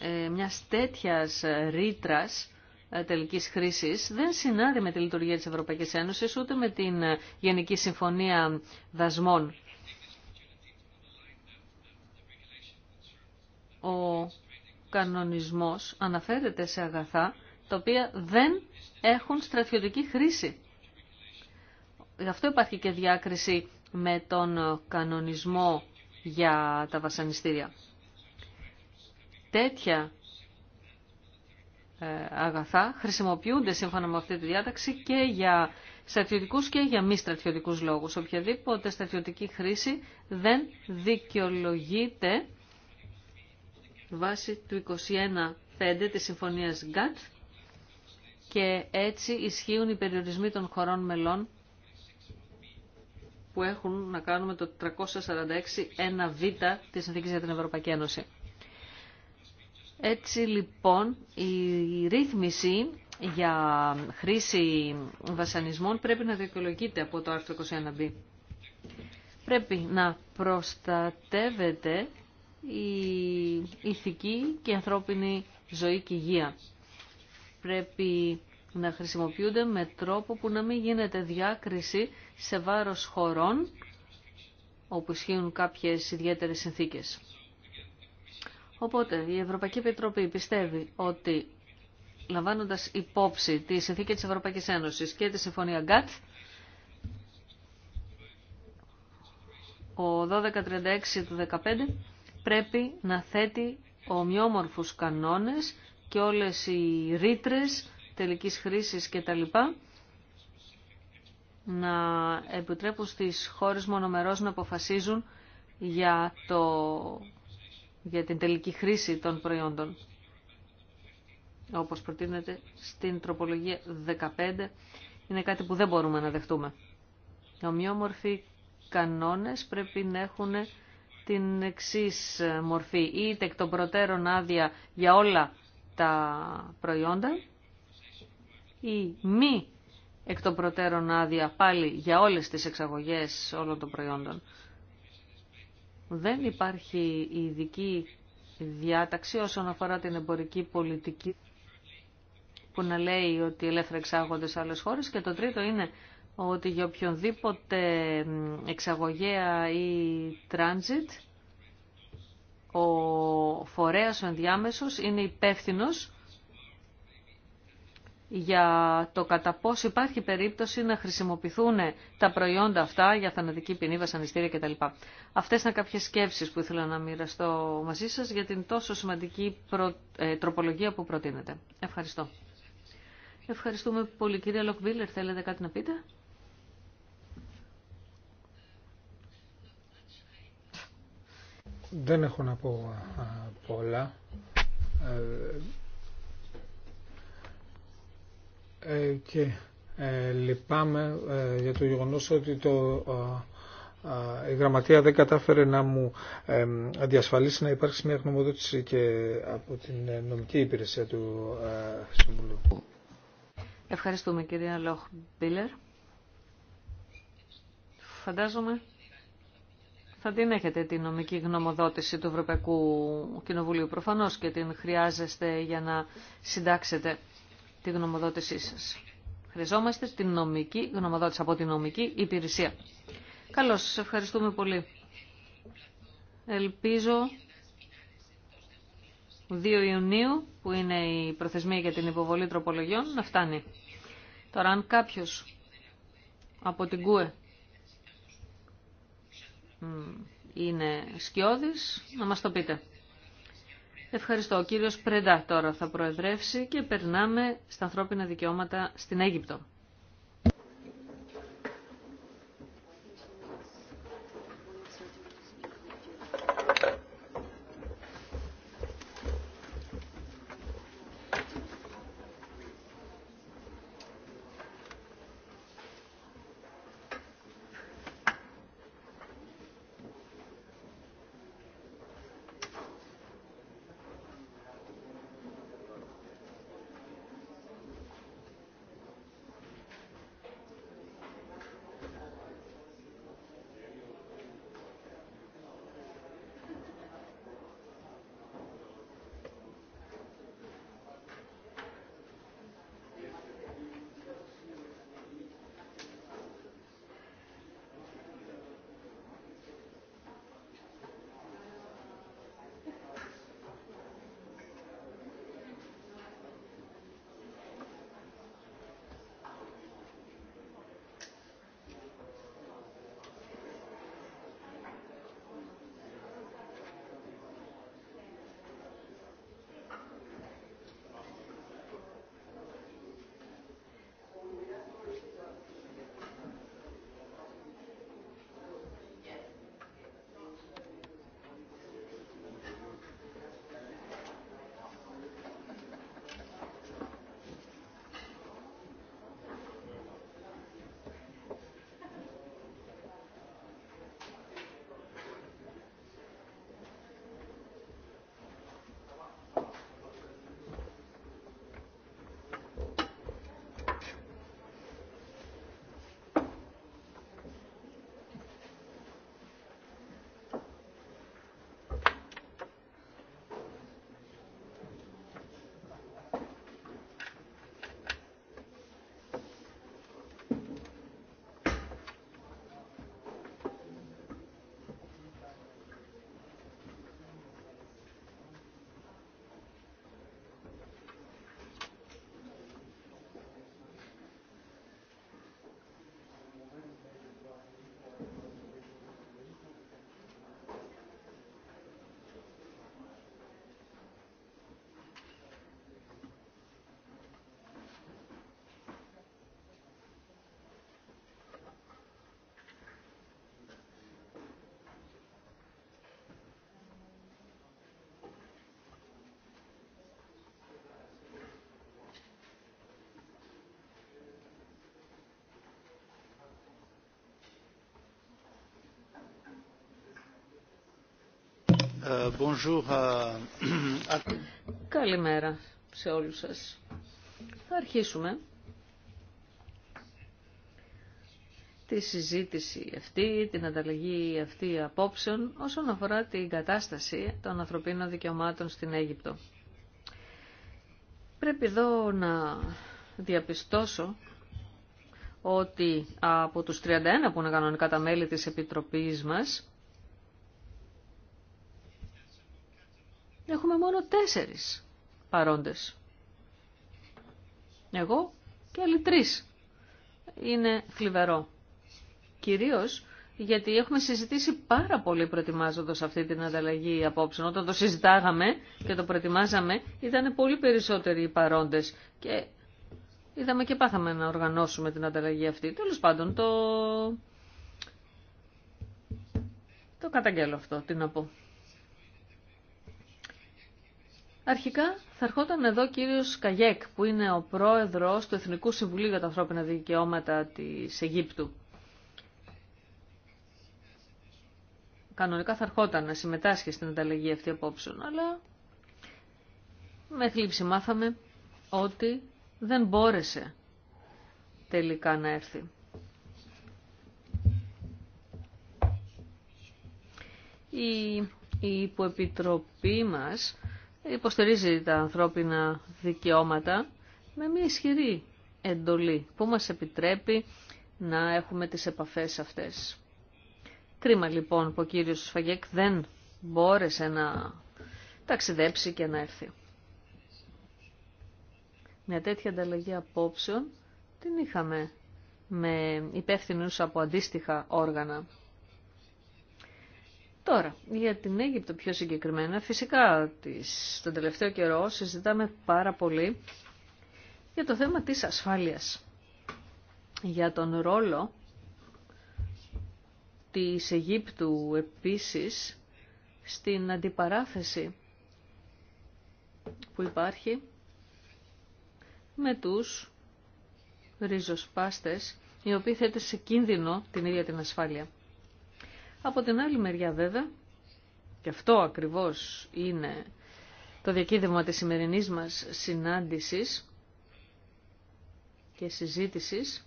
ε, μιας τέτοιας ε, ρήτρας ε, τελικής χρήσης δεν συνάδει με τη λειτουργία της Ευρωπαϊκής Ένωσης ούτε με την ε, Γενική Συμφωνία Δασμών. Ο κανονισμός αναφέρεται σε αγαθά τα οποία δεν έχουν στρατιωτική χρήση. Γι' αυτό υπάρχει και διάκριση με τον κανονισμό για τα βασανιστήρια. Τέτοια ε, αγαθά χρησιμοποιούνται σύμφωνα με αυτή τη διάταξη και για στρατιωτικούς και για μη στρατιωτικούς λόγους. Οποιαδήποτε στρατιωτική χρήση δεν δικαιολογείται βάσει του 21.5 της Συμφωνίας ΓΚΑΤ και έτσι ισχύουν οι περιορισμοί των χωρών μελών που έχουν να κάνουν με το 346 1β της Συνθήκης για την Ευρωπαϊκή Ένωση. Έτσι λοιπόν η ρύθμιση για χρήση βασανισμών πρέπει να δικαιολογείται από το άρθρο 21b. Πρέπει να προστατεύεται η ηθική και η ανθρώπινη ζωή και υγεία. Πρέπει να χρησιμοποιούνται με τρόπο που να μην γίνεται διάκριση σε βάρος χωρών όπου ισχύουν κάποιες ιδιαίτερες συνθήκες. Οπότε η Ευρωπαϊκή Επιτροπή πιστεύει ότι λαμβάνοντας υπόψη τη συνθήκη της Ευρωπαϊκής Ένωσης και τη Συμφωνία ΓΚΑΤ, ο 1236 του 2015 πρέπει να θέτει ομοιόμορφους κανόνες και όλες οι ρήτρες τελικής χρήσης λοιπά να επιτρέπουν στις χώρες μονομερώς να αποφασίζουν για, το, για την τελική χρήση των προϊόντων. Όπως προτείνεται στην τροπολογία 15, είναι κάτι που δεν μπορούμε να δεχτούμε. Οι ομοιόμορφοι κανόνες πρέπει να έχουν την εξή μορφή. Είτε εκ των προτέρων άδεια για όλα τα προϊόντα, η μη εκ των προτέρων άδεια πάλι για όλες τις εξαγωγές όλων των προϊόντων. Δεν υπάρχει ειδική διάταξη όσον αφορά την εμπορική πολιτική που να λέει ότι ελεύθερα εξάγονται σε άλλες χώρες και το τρίτο είναι ότι για οποιονδήποτε εξαγωγέα ή transit ο φορέας ο ενδιάμεσος είναι υπεύθυνος για το κατά πόσο υπάρχει περίπτωση να χρησιμοποιηθούν τα προϊόντα αυτά για θανατική ποινή, βασανιστήρια κτλ. Αυτές ήταν κάποιες σκέψεις που ήθελα να μοιραστώ μαζί σας για την τόσο σημαντική ε, τροπολογία που προτείνετε. Ευχαριστώ. Ευχαριστούμε πολύ κύριε Λοκβίλερ. Θέλετε κάτι να πείτε. Δεν έχω να πω ε, πολλά. Ε, ε, και ε, λυπάμαι ε, για το γεγονός ότι το, η γραμματεία δεν κατάφερε να μου διασφαλίσει να υπάρξει μια γνωμοδότηση και από την νομική υπηρεσία του Συμβουλίου. Ευχαριστούμε κυρία Λόχ Μπίλερ. Φαντάζομαι θα την έχετε την νομική γνωμοδότηση του Ευρωπαϊκού Κοινοβουλίου προφανώς και την χρειάζεστε για να συντάξετε τη γνωμοδότησή σας. Χρειαζόμαστε την νομική γνωμοδότηση από την νομική υπηρεσία. Καλώς, σας ευχαριστούμε πολύ. Ελπίζω 2 Ιουνίου, που είναι η προθεσμία για την υποβολή τροπολογιών, να φτάνει. Τώρα, αν κάποιος από την ΚΟΕ είναι σκιώδης, να μας το πείτε. Ευχαριστώ. Ο κύριος Πρεντά τώρα θα προεδρεύσει και περνάμε στα ανθρώπινα δικαιώματα στην Αίγυπτο. Ε, ε, Καλημέρα σε όλους σας. Θα αρχίσουμε τη συζήτηση αυτή, την ανταλλαγή αυτή απόψεων όσον αφορά την κατάσταση των ανθρωπίνων δικαιωμάτων στην Αίγυπτο. Πρέπει εδώ να διαπιστώσω ότι από τους 31 που είναι κανονικά τα μέλη της Επιτροπής μας, έχουμε μόνο τέσσερις παρόντες. Εγώ και άλλοι τρεις. Είναι θλιβερό. Κυρίως γιατί έχουμε συζητήσει πάρα πολύ προετοιμάζοντας αυτή την ανταλλαγή απόψε. Όταν το συζητάγαμε και το προετοιμάζαμε, ήταν πολύ περισσότεροι οι παρόντες. Και είδαμε και πάθαμε να οργανώσουμε την ανταλλαγή αυτή. Τέλος πάντων, το. Το καταγγέλω αυτό, τι να πω. Αρχικά θα ερχόταν εδώ ο κύριος Καγιέκ, που είναι ο πρόεδρος του Εθνικού Συμβουλίου για τα Ανθρώπινα Δικαιώματα της Αιγύπτου. Κανονικά θα ερχόταν να συμμετάσχει στην ανταλλαγή αυτή απόψεων, αλλά με θλίψη μάθαμε ότι δεν μπόρεσε τελικά να έρθει. Η, η υποεπιτροπή μας υποστηρίζει τα ανθρώπινα δικαιώματα με μια ισχυρή εντολή που μας επιτρέπει να έχουμε τις επαφές αυτές. Κρίμα λοιπόν που ο κύριος Σφαγέκ δεν μπόρεσε να ταξιδέψει και να έρθει. Μια τέτοια ανταλλαγή απόψεων την είχαμε με υπεύθυνους από αντίστοιχα όργανα. Τώρα, για την Αίγυπτο πιο συγκεκριμένα, φυσικά τις, τον τελευταίο καιρό συζητάμε πάρα πολύ για το θέμα της ασφάλειας, για τον ρόλο της Αιγύπτου επίσης στην αντιπαράθεση που υπάρχει με τους ριζοσπάστες οι οποίοι θέτουν σε κίνδυνο την ίδια την ασφάλεια. Από την άλλη μεριά βέβαια, και αυτό ακριβώς είναι το διακύδευμα της σημερινής μας συνάντησης και συζήτησης,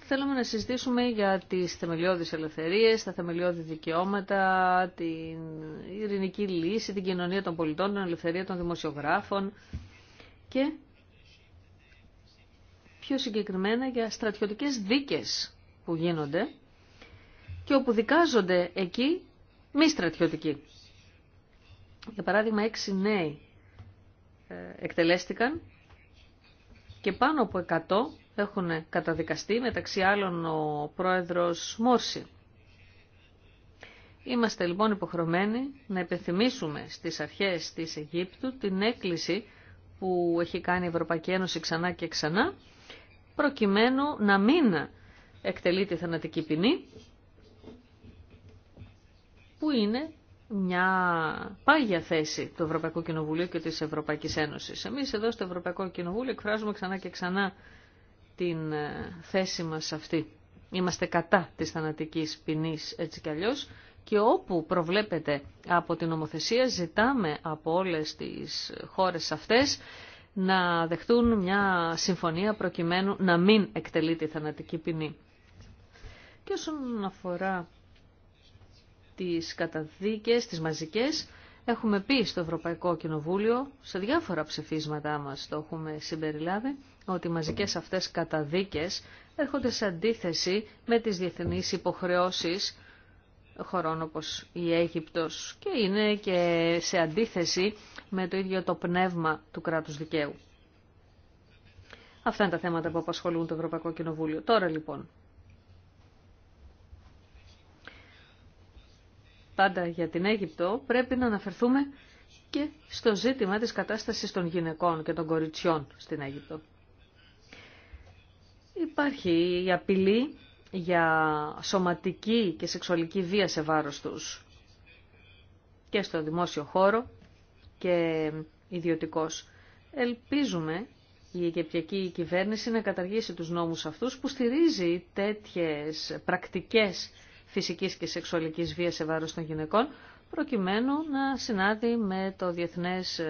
θέλουμε να συζητήσουμε για τις θεμελιώδεις ελευθερίες, τα θεμελιώδη δικαιώματα, την ειρηνική λύση, την κοινωνία των πολιτών, την ελευθερία των δημοσιογράφων και πιο συγκεκριμένα για στρατιωτικές δίκες που γίνονται και όπου δικάζονται εκεί μη στρατιωτικοί. Για παράδειγμα, έξι νέοι ε, εκτελέστηκαν και πάνω από 100 έχουν καταδικαστεί, μεταξύ άλλων ο πρόεδρος Μόρση. Είμαστε λοιπόν υποχρεωμένοι να υπενθυμίσουμε στις αρχές της Αιγύπτου την έκκληση που έχει κάνει η Ευρωπαϊκή Ένωση ξανά και ξανά προκειμένου να μην εκτελεί τη θανατική ποινή, που είναι μια πάγια θέση του Ευρωπαϊκού Κοινοβουλίου και της Ευρωπαϊκής Ένωσης. Εμείς εδώ στο Ευρωπαϊκό Κοινοβούλιο εκφράζουμε ξανά και ξανά την ε, θέση μας αυτή. Είμαστε κατά της θανατικής ποινή έτσι κι αλλιώς και όπου προβλέπεται από την νομοθεσία ζητάμε από όλες τις χώρες αυτές να δεχτούν μια συμφωνία προκειμένου να μην εκτελεί τη θανατική ποινή. Και όσον αφορά τις καταδίκες, τις μαζικές, έχουμε πει στο Ευρωπαϊκό Κοινοβούλιο, σε διάφορα ψηφίσματά μας το έχουμε συμπεριλάβει, ότι οι μαζικές αυτές καταδίκες έρχονται σε αντίθεση με τις διεθνείς υποχρεώσεις χωρών όπως η Αίγυπτος και είναι και σε αντίθεση με το ίδιο το πνεύμα του κράτους δικαίου. Αυτά είναι τα θέματα που απασχολούν το Ευρωπαϊκό Κοινοβούλιο. Τώρα λοιπόν, πάντα για την Αίγυπτο πρέπει να αναφερθούμε και στο ζήτημα της κατάστασης των γυναικών και των κοριτσιών στην Αίγυπτο. Υπάρχει η απειλή για σωματική και σεξουαλική βία σε βάρος τους και στο δημόσιο χώρο και ιδιωτικός. Ελπίζουμε η Αιγυπτιακή κυβέρνηση να καταργήσει τους νόμους αυτούς που στηρίζει τέτοιες πρακτικές φυσικής και σεξουαλικής βίας σε βάρος των γυναικών προκειμένου να συνάδει με το διεθνές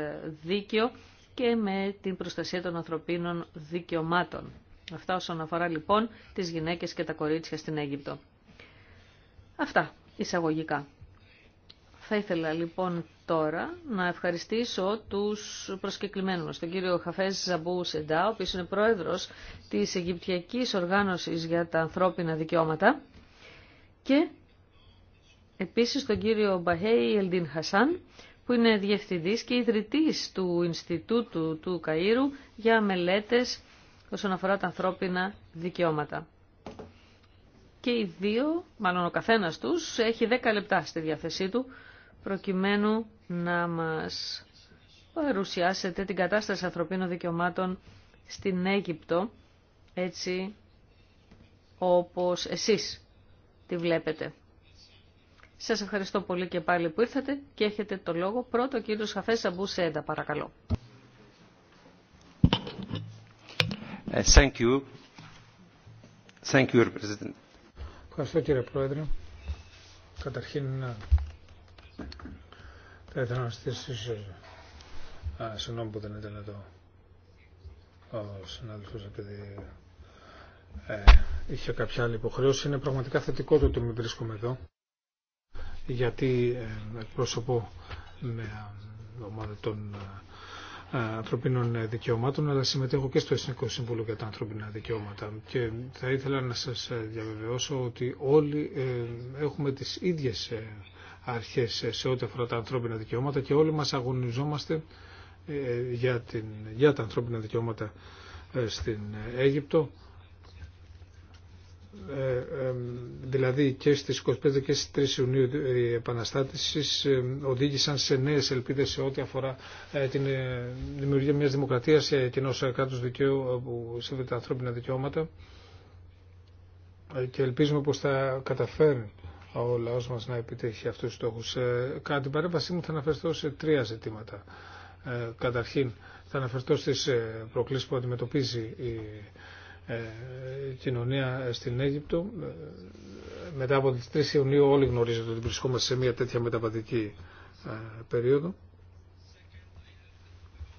δίκαιο και με την προστασία των ανθρωπίνων δικαιωμάτων. Αυτά όσον αφορά λοιπόν τις γυναίκες και τα κορίτσια στην Αίγυπτο. Αυτά εισαγωγικά. Θα ήθελα λοιπόν τώρα να ευχαριστήσω τους προσκεκλημένους τον κύριο Χαφές Ζαμπού Σεντά, ο οποίος είναι πρόεδρος της Αιγυπτιακής Οργάνωσης για τα Ανθρώπινα Δικαιώματα και επίσης τον κύριο Μπαχέι Ελντίν Χασάν, που είναι διευθυντής και ιδρυτής του Ινστιτούτου του Καΐρου για μελέτες όσον αφορά τα ανθρώπινα δικαιώματα. Και οι δύο, μάλλον ο καθένας τους, έχει 10 λεπτά στη διάθεσή του, προκειμένου να μας παρουσιάσετε την κατάσταση ανθρωπίνων δικαιωμάτων στην Αίγυπτο, έτσι όπως εσείς τη βλέπετε. Σας ευχαριστώ πολύ και πάλι που ήρθατε και έχετε το λόγο. Πρώτο κύριο Χαφέ Σαμπού Σέντα, παρακαλώ. Ε, Ευχαριστώ κύριε Πρόεδρε. Καταρχήν ε, θα ήθελα να στήσω ε, συγγνώμη που δεν ήταν εδώ ο συνάδελφος επειδή είχε κάποια άλλη υποχρέωση. Είναι πραγματικά θετικό το ότι με βρίσκομαι εδώ γιατί εκπρόσωπο με ομάδα των ανθρωπίνων δικαιωμάτων, αλλά συμμετέχω και στο Εθνικό Σύμβουλο για τα Ανθρώπινα Δικαιώματα. Και θα ήθελα να σας ε, διαβεβαιώσω ότι όλοι ε, έχουμε τις ίδιες ε, αρχές σε ό,τι αφορά τα ανθρώπινα δικαιώματα και όλοι μας αγωνιζόμαστε για, την, για τα ανθρώπινα δικαιώματα στην Αίγυπτο ε, δηλαδή και στις 25 και στις 3 Ιουνίου ε, οι επαναστάτησεις ε, οδήγησαν σε νέες ελπίδες σε ό,τι αφορά την δημιουργία μιας δημοκρατίας και ενός κράτους δικαίου που σέβεται τα ανθρώπινα δικαιώματα και ελπίζουμε πως θα καταφέρει ο λαός μας να επιτύχει αυτούς τους στόχους. Κατά την παρέμβασή μου θα αναφερθώ σε τρία ζητήματα. Καταρχήν θα αναφερθώ στις προκλήσεις που αντιμετωπίζει η ε, κοινωνία στην Αίγυπτο. Ε, μετά από τις 3 Ιουνίου όλοι γνωρίζετε ότι βρισκόμαστε σε μια τέτοια μεταβατική ε, περίοδο.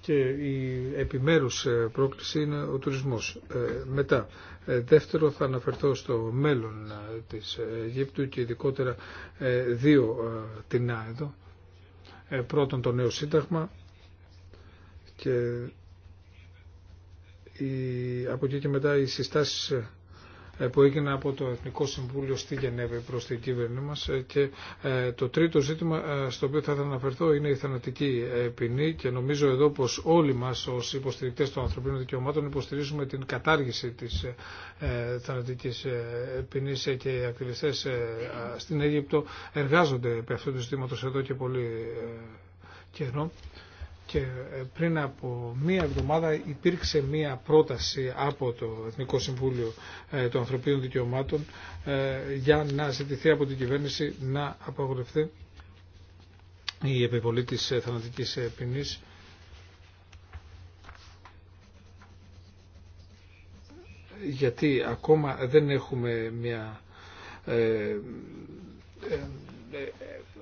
Και η επιμέρους πρόκληση είναι ο τουρισμός. Μετά, δεύτερο θα αναφερθώ στο μέλλον της Αιγύπτου και ειδικότερα δύο τεινά εδώ. Πρώτον το νέο σύνταγμα και από εκεί και μετά οι συστάσεις ε, που έγινε από το Εθνικό Συμβούλιο στη Γενέβη προς την κυβέρνη μας ε, και ε, το τρίτο ζήτημα στο οποίο θα ήθελα να αναφερθώ είναι η θανατική ποινή και νομίζω εδώ πως όλοι μας ως υποστηρικτές των ανθρωπίνων δικαιωμάτων υποστηρίζουμε την κατάργηση της θανατικής ποινής και οι ακτιβιστές στην Αίγυπτο εργάζονται επί αυτού του ζητήματος εδώ και πολύ καιρό και ε, πριν από μία εβδομάδα υπήρξε μία πρόταση από το Εθνικό Συμβούλιο ε, των Ανθρωπίνων Δικαιωμάτων ε, για να ζητηθεί από την κυβέρνηση να απαγορευτεί η επιβολή της θανατικής ποινής γιατί ακόμα δεν έχουμε μια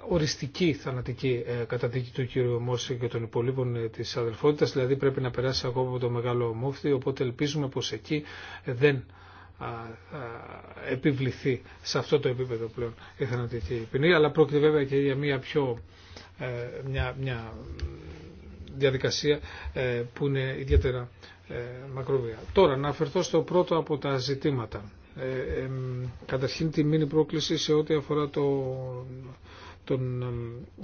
οριστική θανατική ε, καταδίκη του κύριου Μόση και των υπολείπων ε, της αδελφότητας, δηλαδή πρέπει να περάσει ακόμα από το μεγάλο μόφτη, οπότε ελπίζουμε πως εκεί δεν επιβληθεί σε αυτό το επίπεδο πλέον η θανατική ποινή, αλλά πρόκειται βέβαια και για μια πιο ε, μια, μια διαδικασία που είναι ιδιαίτερα μακροβία. Τώρα, να αφαιρθώ στο πρώτο από τα ζητήματα. Ε, καταρχήν τη μήνυ πρόκληση σε ό,τι αφορά το τον,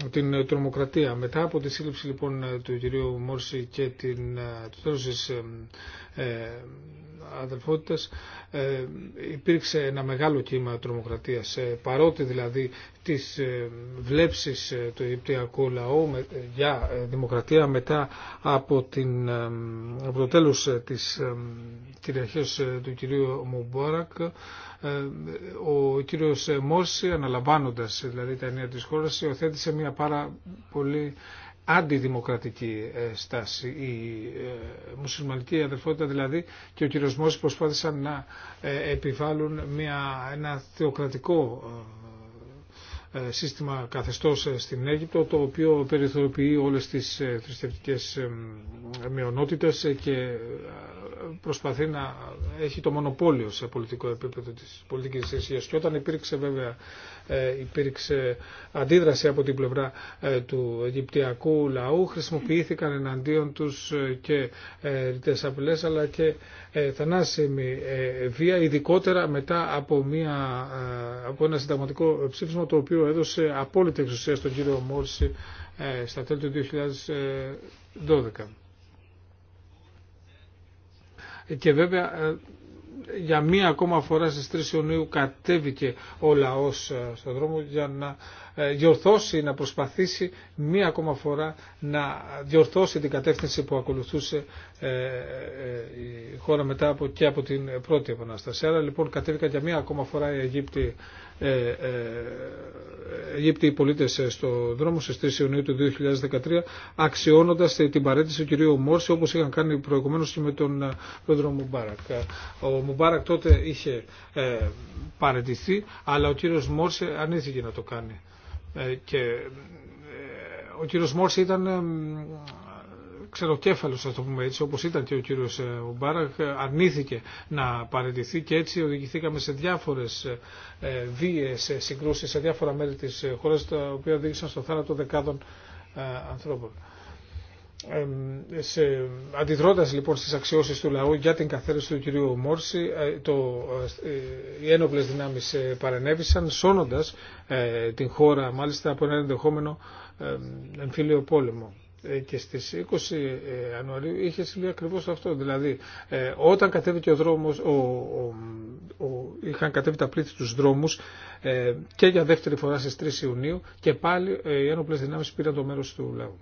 ε, την ε, τρομοκρατία. Μετά από τη σύλληψη λοιπόν ε, του κυρίου Μόρση και την, το τέλος της ε, αδελφότητας υπήρξε ένα μεγάλο κύμα τρομοκρατίας παρότι δηλαδή της ε, του Αιγυπτιακού λαού για δημοκρατία μετά από, την, από το τέλος της κυριαρχίας του κυρίου Μουμπάρακ ε, ο κύριος Μόρση αναλαμβάνοντας δηλαδή τα ενία της χώρας υιοθέτησε μια πάρα πολύ αντιδημοκρατική ε, στάση. Η ε, μουσουλμανική αδερφότητα δηλαδή και ο κύριος Μόρση προσπάθησαν να επιβάλλουν μια, ένα θεοκρατικό ε, σύστημα καθεστώς ε, στην Αίγυπτο το οποίο περιθωριοποιεί όλες τις ε, θρησκευτικές μειονότητες και προσπαθεί να έχει το μονοπόλιο σε πολιτικό επίπεδο της πολιτικής θρησκείας. Και όταν υπήρξε βέβαια ε, υπήρξε αντίδραση από την πλευρά ε, του Αιγυπτιακού λαού χρησιμοποιήθηκαν εναντίον τους ε, και ρητές απειλές αλλά και θανάσιμη βία ειδικότερα μετά από, μια, από ένα συνταγματικό ψήφισμα το οποίο έδωσε απόλυτη εξουσία στον κύριο Μόρση στα τέλη του 2012. Και βέβαια για μία ακόμα φορά στις 3 Ιουνίου κατέβηκε ο λαός ε, στον δρόμο για να ε, διορθώσει, να προσπαθήσει μία ακόμα φορά να διορθώσει την κατεύθυνση που ακολουθούσε ε, η χώρα μετά από, και από την πρώτη επανάσταση. Άρα λοιπόν κατέβηκαν για μία ακόμα φορά οι Αιγύπτιοι ε, ε, Αιγύπτιοι πολίτες ε, στο δρόμο στι 3 Ιουνίου του 2013 αξιώνοντα την παρέτηση του κυρίου Μόρση όπως είχαν κάνει προηγουμένω και με τον πρόεδρο Μουμπάρακ. Ο Μουμπάρακ τότε είχε παρετηθεί αλλά ο κύριος Μόρση αρνήθηκε να το κάνει. Και ο κύριος Μόρση ήταν ξεροκέφαλος, ας το πούμε έτσι, όπως ήταν και ο κύριος ε, Ομπάραχ, ε, αρνήθηκε να παραιτηθεί και έτσι οδηγηθήκαμε σε διάφορες ε, βίες συγκρούσεις, σε διάφορα μέρη της χώρας, τα οποία οδήγησαν στο θάνατο δεκάδων ανθρώπων. Σε, αντιδρώντας λοιπόν στις αξιώσεις του λαού για την καθαίρεση του κυρίου Μόρση το, οι ένοπλες δυνάμεις παρενέβησαν σώνοντας την χώρα μάλιστα από ένα ενδεχόμενο ε, εμφύλιο πόλεμο. Ε, και στις 20 ε, Ιανουαρίου είχε συμβεί ακριβώς αυτό. Δηλαδή, ε, όταν κατέβηκε ο δρόμος, είχαν κατέβει τα πλήθη τους δρόμους και για δεύτερη φορά στις 3 Ιουνίου και πάλι οι ένοπλες δυνάμεις πήραν το μέρος του λαού.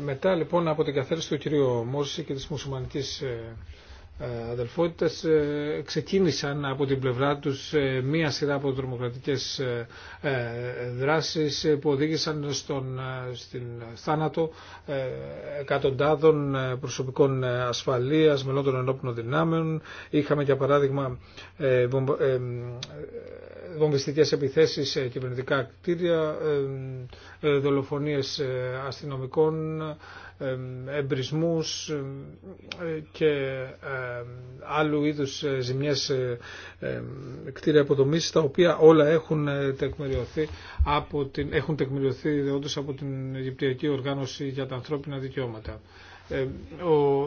Μετά λοιπόν από την καθαίρεση του κυρίου Μόρση και της μουσουμανικής ε, αδελφότητας ε, ξεκίνησαν από την πλευρά τους ε, μία σειρά από τρομοκρατικές δράσεις που οδήγησαν στον, στην θάνατο εκατοντάδων προσωπικών ασφαλείας, μελών των ενόπλων δυνάμεων. Είχαμε για παράδειγμα βομβιστικές επιθέσεις σε κυβερνητικά κτίρια, δολοφονίες αστυνομικών, εμπρισμούς και άλλου είδους ε, ζημιές ε, κτίρια αποδομής τα οποία όλα έχουν ε, τεκμηριωθεί από την, έχουν τεκμηριωθεί όντως από την Αιγυπτιακή Οργάνωση για τα Ανθρώπινα Δικαιώματα.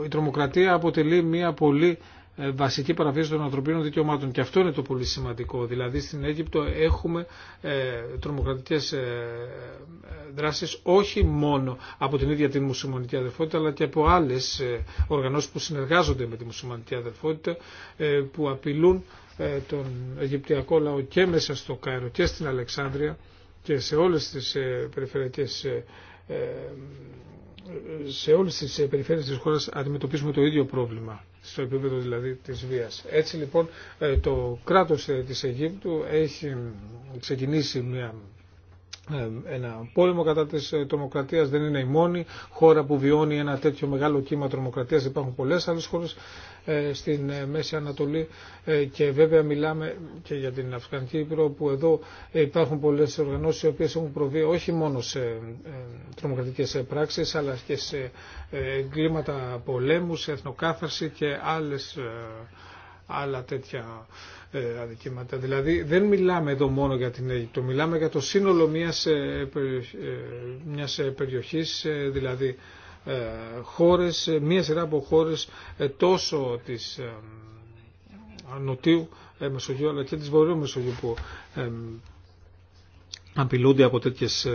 η τρομοκρατία αποτελεί μια πολύ ε, βασική παραβίαση των ανθρωπίνων δικαιωμάτων. Και αυτό είναι το πολύ σημαντικό. Δηλαδή στην Αίγυπτο έχουμε ε, τρομοκρατικές ε, δράσεις όχι μόνο από την ίδια την μουσουλμανική αδερφότητα αλλά και από άλλες οργανώσεις που συνεργάζονται με τη μουσουλμανική αδερφότητα που απειλούν τον Αιγυπτιακό λαό και μέσα στο Κάιρο και στην Αλεξάνδρεια και σε όλες τις περιφερειακές σε όλε τι περιφέρειε τη χώρα αντιμετωπίζουμε το ίδιο πρόβλημα, στο επίπεδο δηλαδή της βίας. Έτσι λοιπόν ε, το κράτο ε, τη Αιγύπτου έχει ξεκινήσει μια ναι, ένα πόλεμο κατά της ε, τρομοκρατίας δεν είναι η μόνη χώρα που βιώνει ένα τέτοιο μεγάλο κύμα τρομοκρατίας υπάρχουν πολλές άλλες χώρες ε, στην ε, Μέση Ανατολή και βέβαια μιλάμε και για την Αφγανική Ήπειρο που εδώ υπάρχουν πολλές οργανώσεις οι οποίες έχουν προβεί όχι μόνο σε τρομοκρατικές πράξεις αλλά και σε κλίματα πολέμου, σε εθνοκάθαρση και άλλες, άλλα τέτοια ε, αδικήματα. Δηλαδή δεν μιλάμε εδώ μόνο για την Αίγυπτο, μιλάμε για το σύνολο μιας, ε, ε, μιας περιοχής, δηλαδή χώρες, μια σειρά από χώρες τόσο της νοτίου Μεσογείου αλλά και της βορείου Μεσογείου που απειλούνται από τέτοιες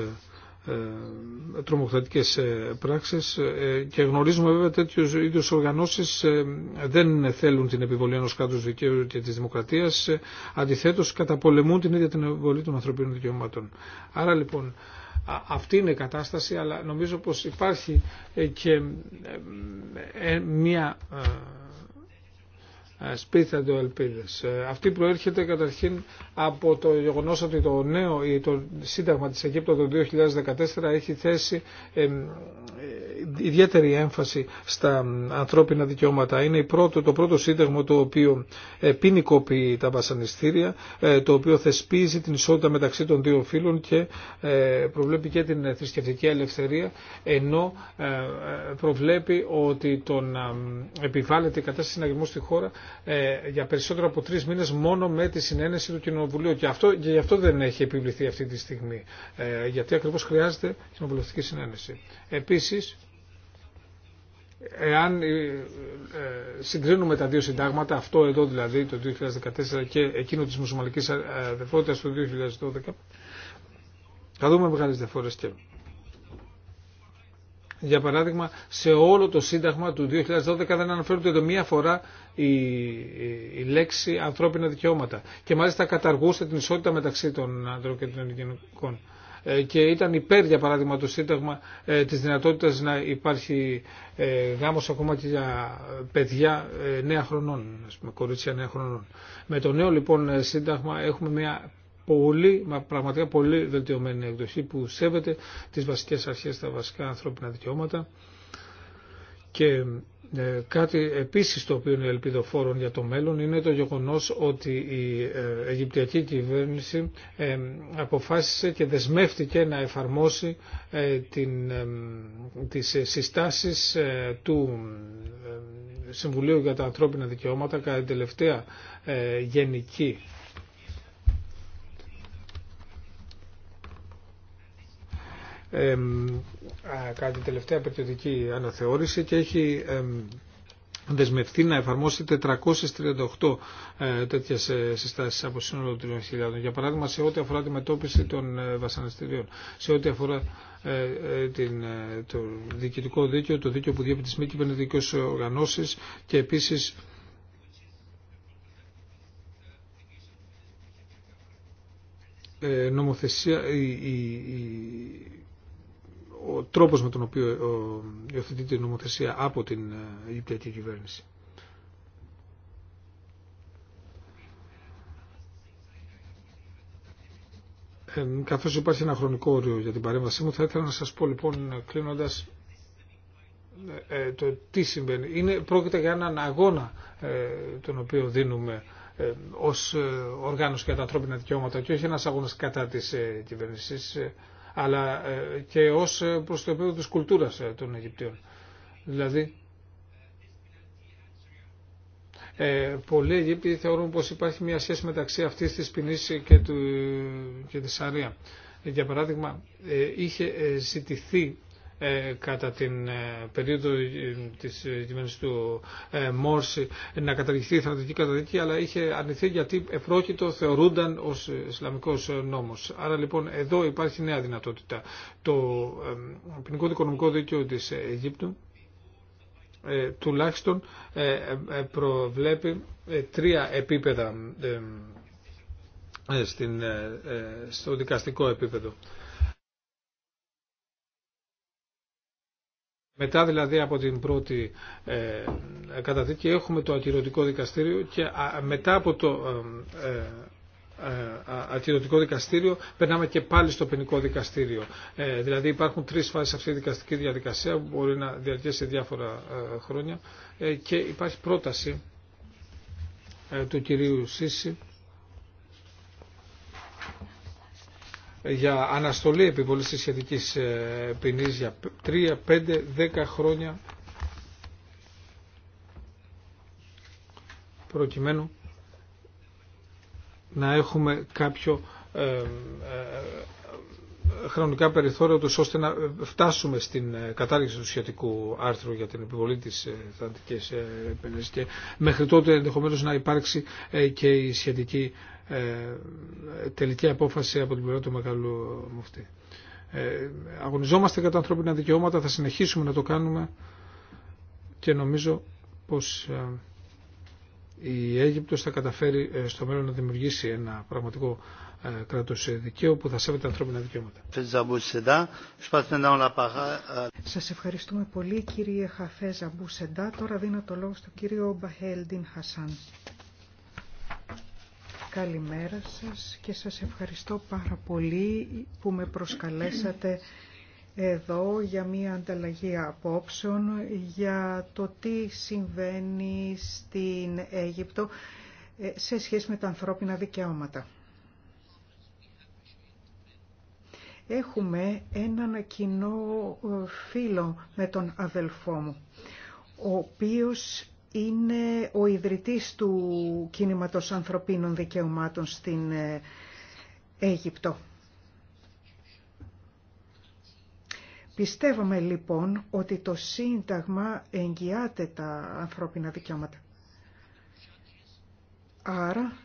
ε, τρομοκρατικές ε, πράξεις ε, και γνωρίζουμε βέβαια τέτοιους είδους οργανώσεις δεν θέλουν την επιβολή ενός κράτους δικαίου και της δημοκρατίας αντιθέτως καταπολεμούν την ίδια την επιβολή των ανθρωπίνων δικαιωμάτων. Άρα λοιπόν αυτή είναι η κατάσταση αλλά νομίζω πως υπάρχει και μια ε, του ελπίδες. Ε, αυτή προέρχεται καταρχήν από το γεγονός ότι το νέο ή το Σύνταγμα της Αιγύπτου το 2014 έχει θέσει ε, ιδιαίτερη έμφαση στα ανθρώπινα δικαιώματα. Είναι το πρώτο Σύνταγμα το οποίο ποινικοποιεί τα βασανιστήρια, το οποίο θεσπίζει την ισότητα μεταξύ των δύο φύλων και προβλέπει και την θρησκευτική ελευθερία, ενώ προβλέπει ότι τον επιβάλλεται η κατάσταση συναγερμού στη χώρα ε, για περισσότερο από τρει μήνε μόνο με τη συνένεση του Κοινοβουλίου. Και, αυτό, και γι' αυτό δεν έχει επιβληθεί αυτή τη στιγμή. Ε, γιατί ακριβώ χρειάζεται κοινοβουλευτική συνένεση. Επίση, εάν ε, συγκρίνουμε τα δύο συντάγματα, αυτό εδώ δηλαδή το 2014 και εκείνο της μουσουμαλική αδερφότητας το 2012, θα δούμε μεγάλε διαφορέ. και για παράδειγμα, σε όλο το Σύνταγμα του 2012 δεν αναφέρονται εδώ μία φορά η, λέξη ανθρώπινα δικαιώματα και μάλιστα καταργούσε την ισότητα μεταξύ των ανδρών και των γυναικών ε, και ήταν υπέρ για παράδειγμα το Σύνταγμα ε, της δυνατότητας να υπάρχει ε, γάμος ακόμα και για παιδιά ε, νέα χρονών, με κορίτσια νέα χρονών. Με το νέο λοιπόν ε, Σύνταγμα έχουμε μια πολύ, μα πραγματικά πολύ βελτιωμένη εκδοχή που σέβεται τις βασικές αρχές, τα βασικά ανθρώπινα δικαιώματα και ε, κάτι επίσης το οποίο είναι ελπιδοφόρον για το μέλλον είναι το γεγονός ότι η ε, Αιγυπτιακή κυβέρνηση ε, αποφάσισε και δεσμεύτηκε να εφαρμόσει την, τις συστάσεις του Συμβουλίου για τα Ανθρώπινα Δικαιώματα κατά την τελευταία γενική κατά την τελευταία περιοδική αναθεώρηση και έχει δεσμευτεί να εφαρμόσει 438 ε, τέτοιε συστάσει από σύνολο των 3.000. Για παράδειγμα, σε ό,τι αφορά τη μετώπιση των ε, βασανιστήριων, σε ό,τι αφορά ε, ε, την, το διοικητικό δίκαιο, το δίκαιο που διέπει τις μη κυβερνητικές οργανώσεις και επίση. νομοθεσία, η, η ο τρόπος με τον οποίο υιοθετείται η νομοθεσία από την ε, Αιγυπτιακή κυβέρνηση. Ε, καθώς υπάρχει ένα χρονικό όριο για την παρέμβασή μου, θα ήθελα να σας πω λοιπόν κλείνοντας ε, ε το τι συμβαίνει. Είναι, πρόκειται για έναν αγώνα ε, τον οποίο δίνουμε ε, ως ε, οργάνωση για τα ανθρώπινα δικαιώματα και όχι ένας αγώνας κατά της ε, κυβέρνησης αλλά ε, και ως προς το επίπεδο της κουλτούρας ε, των Αιγυπτίων. Δηλαδή, ε, πολλοί Αιγύπτιοι θεωρούν πως υπάρχει μια σχέση μεταξύ αυτής της ποινής και, του, και της Σαρία. Για παράδειγμα, ε, είχε ζητηθεί ε, κατά την ε, περίοδο ε, της κυβέρνησης του Μόρση να καταργηθεί η θανατική καταδίκη αλλά είχε αρνηθεί γιατί επρόκειτο θεωρούνταν ως Ισλαμικός νόμος. Άρα λοιπόν εδώ υπάρχει νέα δυνατότητα. Το ποινικό δικονομικό δίκαιο της Αιγύπτου τουλάχιστον προβλέπει τρία επίπεδα στο δικαστικό επίπεδο. Μετά δηλαδή από την πρώτη ε, καταδίκη έχουμε το ακυρωτικό δικαστήριο και μετά από το ε, ε, ακυρωτικό δικαστήριο περνάμε και πάλι στο ποινικό δικαστήριο. Δηλαδή υπάρχουν τρεις φάσεις αυτή η δικαστική διαδικασία που μπορεί να διαρκέσει διάφορα χρόνια και υπάρχει πρόταση του κυρίου Σίση για αναστολή επιβολής της σχετικής ε, ποινής για 3, 5, 10 χρόνια προκειμένου να έχουμε κάποιο ε, ε, χρονικά περιθώριο τους ώστε να φτάσουμε στην κατάργηση του σχετικού άρθρου για την επιβολή της θαντικής ποινής και μέχρι τότε ενδεχομένως να υπάρξει και η σχετική ε, τελική απόφαση από την πλευρά του Μεγάλου Μουφτή. Ε, αγωνιζόμαστε κατά ανθρώπινα δικαιώματα, θα συνεχίσουμε να το κάνουμε και νομίζω πως ε, η Αίγυπτος θα καταφέρει στο μέλλον να δημιουργήσει ένα πραγματικό κράτος δικαίου που θα σέβεται ανθρώπινα δικαιώματα. Σας ευχαριστούμε πολύ κύριε Χαφέζα Μπουσεντά. Τώρα δίνω το λόγο στον κύριο Μπαχέλντιν Χασάν. Καλημέρα σας και σας ευχαριστώ πάρα πολύ που με προσκαλέσατε εδώ για μία ανταλλαγή απόψεων για το τι συμβαίνει στην Αίγυπτο ε, σε σχέση με τα ανθρώπινα δικαιώματα. Έχουμε έναν κοινό ε, φίλο με τον αδελφό μου, ο οποίος είναι ο ιδρυτής του κίνηματος ανθρωπίνων δικαιωμάτων στην ε, Αίγυπτο. Πιστεύουμε λοιπόν ότι το Σύνταγμα εγγυάται τα ανθρώπινα δικαιώματα. Άρα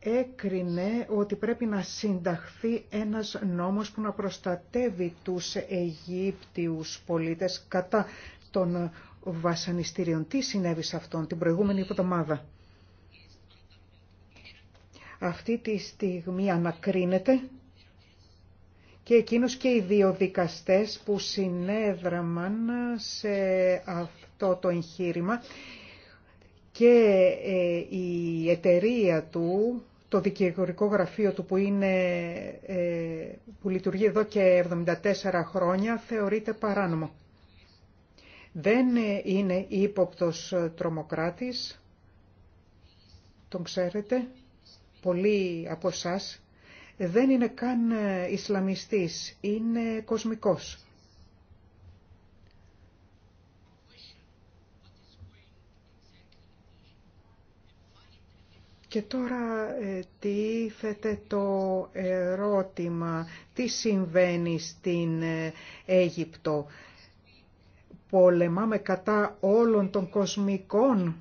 έκρινε ότι πρέπει να συνταχθεί ένας νόμος που να προστατεύει τους Αιγύπτιους πολίτες κατά των βασανιστήριων. Τι συνέβη σε αυτόν την προηγούμενη εβδομάδα. Αυτή τη στιγμή ανακρίνεται και εκείνος και οι δύο δικαστές που συνέδραμαν σε αυτό το εγχείρημα και ε, η εταιρεία του, το δικηγορικό γραφείο του που, είναι, ε, που λειτουργεί εδώ και 74 χρόνια θεωρείται παράνομο δεν είναι ύποπτος τρομοκράτης, τον ξέρετε, πολλοί από εσά δεν είναι καν Ισλαμιστής, είναι κοσμικός. Και τώρα ε, τίθεται το ερώτημα τι συμβαίνει στην ε, Αίγυπτο πολεμάμε κατά όλων των κοσμικών.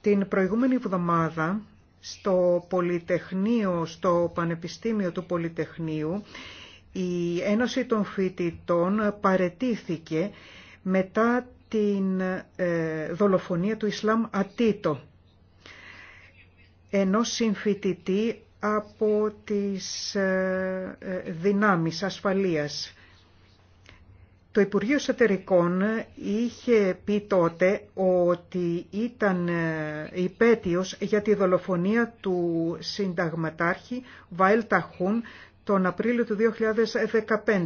Την προηγούμενη εβδομάδα στο Πολυτεχνείο, στο Πανεπιστήμιο του Πολυτεχνείου, η Ένωση των Φοιτητών παρετήθηκε μετά την ε, δολοφονία του Ισλάμ Ατίτο, ενός συμφοιτητή από τις ε, ε, δυνάμεις ασφαλείας. Το Υπουργείο Εσωτερικών είχε πει τότε ότι ήταν ε, υπέτειος για τη δολοφονία του συνταγματάρχη Βαέλ Ταχούν τον Απρίλιο του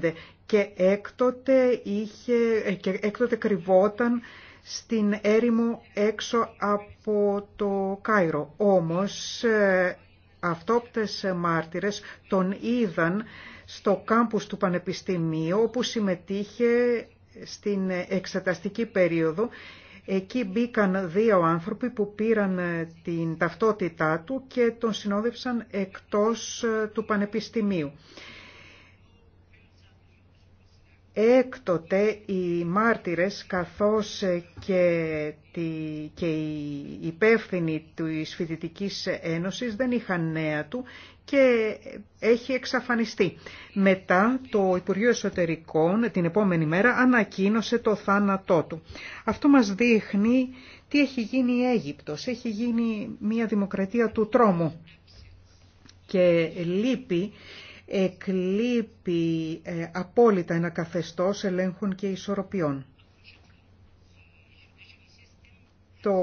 2015 και έκτοτε, είχε, ε, και έκτοτε κρυβόταν στην έρημο έξω από το Κάιρο. Όμως ε, αυτόπτες μάρτυρες τον είδαν στο κάμπους του Πανεπιστημίου όπου συμμετείχε στην εξεταστική περίοδο. Εκεί μπήκαν δύο άνθρωποι που πήραν ε, την ταυτότητά του και τον συνόδευσαν εκτός ε, του Πανεπιστημίου. Έκτοτε οι μάρτυρες καθώς και, τη, και οι υπεύθυνοι της φοιτητική Ένωσης δεν είχαν νέα του και έχει εξαφανιστεί. Μετά το Υπουργείο Εσωτερικών την επόμενη μέρα ανακοίνωσε το θάνατό του. Αυτό μας δείχνει τι έχει γίνει η Αίγυπτος. Έχει γίνει μια δημοκρατία του τρόμου και λείπει εκλείπει ε, απόλυτα ένα καθεστώς ελέγχων και ισορροπιών. Το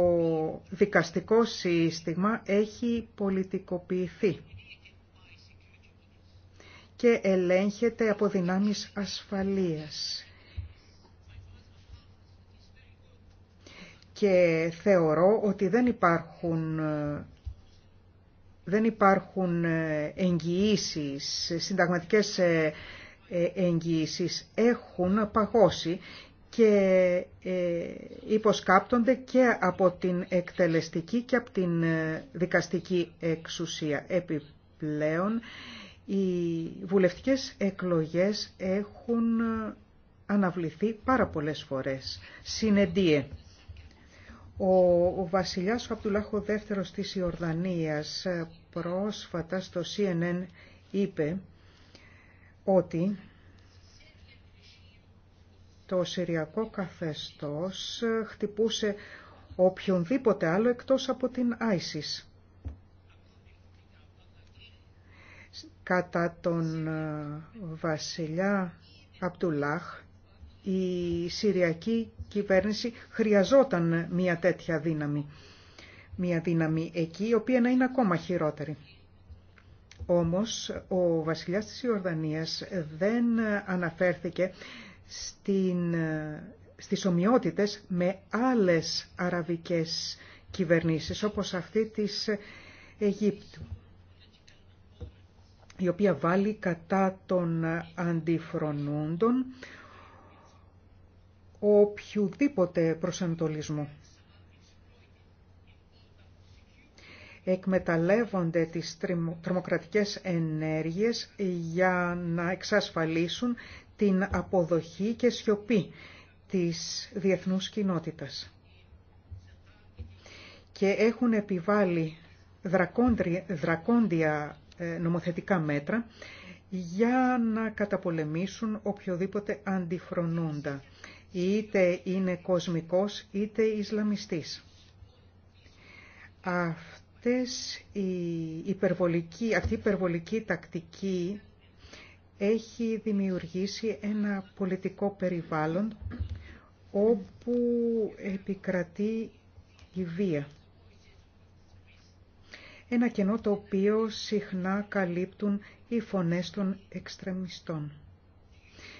δικαστικό σύστημα έχει πολιτικοποιηθεί και ελέγχεται από δυνάμεις ασφαλείας. Και θεωρώ ότι δεν υπάρχουν ε, δεν υπάρχουν ε, εγγυήσεις, συνταγματικές ε, ε, εγγυήσεις έχουν παγώσει και υποσκάπτονται και από την εκτελεστική και από την δικαστική εξουσία. Επιπλέον, οι βουλευτικές εκλογές έχουν αναβληθεί πάρα πολλές φορές. Συνεντίε. Ο βασιλιάς ο Απτουλάχο δεύτερος της Ιορδανίας ε, πρόσφατα στο CNN είπε ότι το Συριακό καθεστώς ε, χτυπούσε οποιονδήποτε άλλο εκτός από την Άισις. Κατά τον ε, βασιλιά Απτουλάχ, η Συριακή κυβέρνηση χρειαζόταν μια τέτοια δύναμη. Μια δύναμη εκεί η οποία να είναι ακόμα χειρότερη. Όμως ο βασιλιάς της Ιορδανίας δεν αναφέρθηκε στην, στις ομοιότητες με άλλες αραβικές κυβερνήσεις όπως αυτή της Αιγύπτου η οποία βάλει κατά των αντιφρονούντων οποιοδήποτε προσανατολισμού. εκμεταλλεύονται τις τρομοκρατικές ενέργειες για να εξασφαλίσουν την αποδοχή και σιωπή της διεθνούς κοινότητας. Και έχουν επιβάλει δρακόντια ε, νομοθετικά μέτρα για να καταπολεμήσουν οποιοδήποτε αντιφρονούντα είτε είναι κοσμικός είτε Ισλαμιστής. Αυτές η αυτή η υπερβολική τακτική έχει δημιουργήσει ένα πολιτικό περιβάλλον όπου επικρατεί η βία. Ένα κενό το οποίο συχνά καλύπτουν οι φωνές των εξτρεμιστών.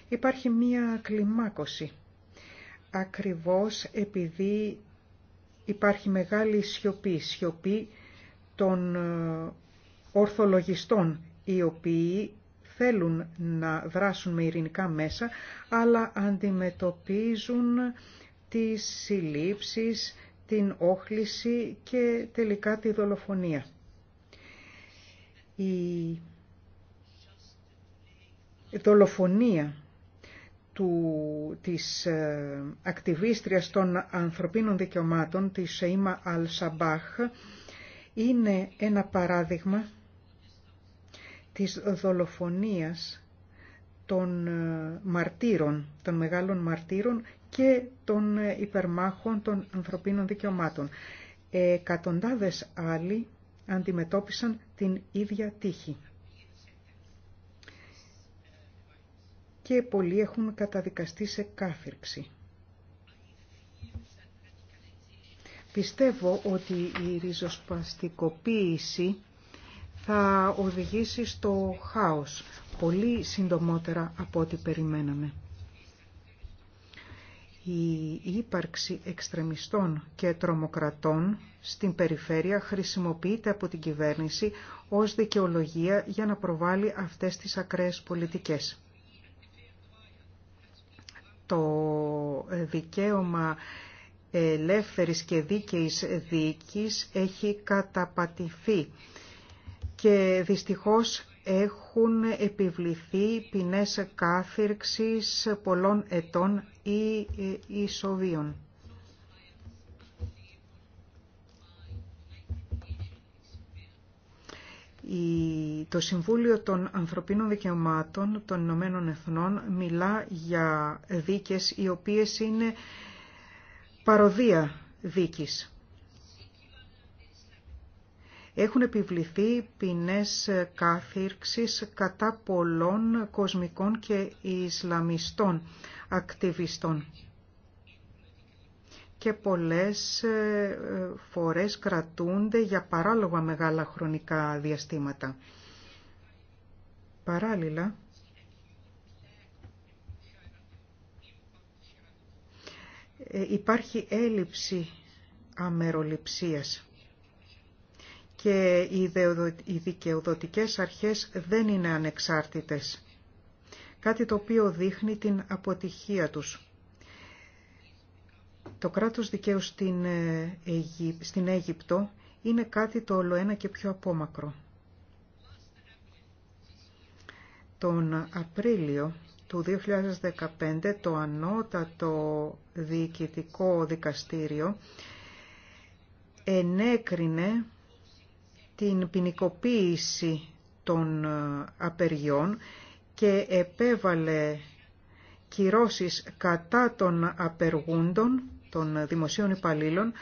Υπάρχει μία κλιμάκωση ακριβώς επειδή υπάρχει μεγάλη σιωπή, σιωπή των ε, ορθολογιστών οι οποίοι θέλουν να δράσουν με ειρηνικά μέσα, αλλά αντιμετωπίζουν τις συλλήψεις, την όχληση και τελικά τη δολοφονία. Η δολοφονία του, της ε, ακτιβίστριας των ανθρωπίνων δικαιωμάτων, της Σεΐμα Αλ-Σαμπάχ, είναι ένα παράδειγμα της δολοφονίας των ε, μαρτύρων, των μεγάλων μαρτύρων και των ε, υπερμάχων των ανθρωπίνων δικαιωμάτων. Εκατοντάδες άλλοι αντιμετώπισαν την ίδια τύχη. και πολλοί έχουν καταδικαστεί σε κάθυρξη. Πιστεύω ότι η ριζοσπαστικοποίηση θα οδηγήσει στο χάος πολύ συντομότερα από ό,τι περιμέναμε. Η ύπαρξη εξτρεμιστών και τρομοκρατών στην περιφέρεια χρησιμοποιείται από την κυβέρνηση ως δικαιολογία για να προβάλλει αυτές τις ακραίες πολιτικές το δικαίωμα ελεύθερης και δίκαιης δίκης έχει καταπατηθεί και δυστυχώς έχουν επιβληθεί ποινές κάθυρξης πολλών ετών ή ε, ισοβίων. Το Συμβούλιο των Ανθρωπίνων Δικαιωμάτων των Ηνωμένων Εθνών μιλά για δίκες οι οποίες είναι παροδία δίκης. Έχουν επιβληθεί ποινές κάθυρξης κατά πολλών κοσμικών και Ισλαμιστών ακτιβιστών και πολλές ε, ε, φορές κρατούνται για παράλογα μεγάλα χρονικά διαστήματα. Παράλληλα, ε, υπάρχει έλλειψη αμεροληψίας και οι δικαιοδοτικές αρχές δεν είναι ανεξάρτητες, κάτι το οποίο δείχνει την αποτυχία τους. Το κράτος δικαίου στην, ε, στην Αίγυπτο είναι κάτι το ολοένα και πιο απόμακρο. Τον Απρίλιο του 2015 το ανώτατο διοικητικό δικαστήριο ενέκρινε την ποινικοποίηση των ε, απεργιών και επέβαλε κυρώσεις κατά των απεργούντων των δημοσίων υπαλλήλων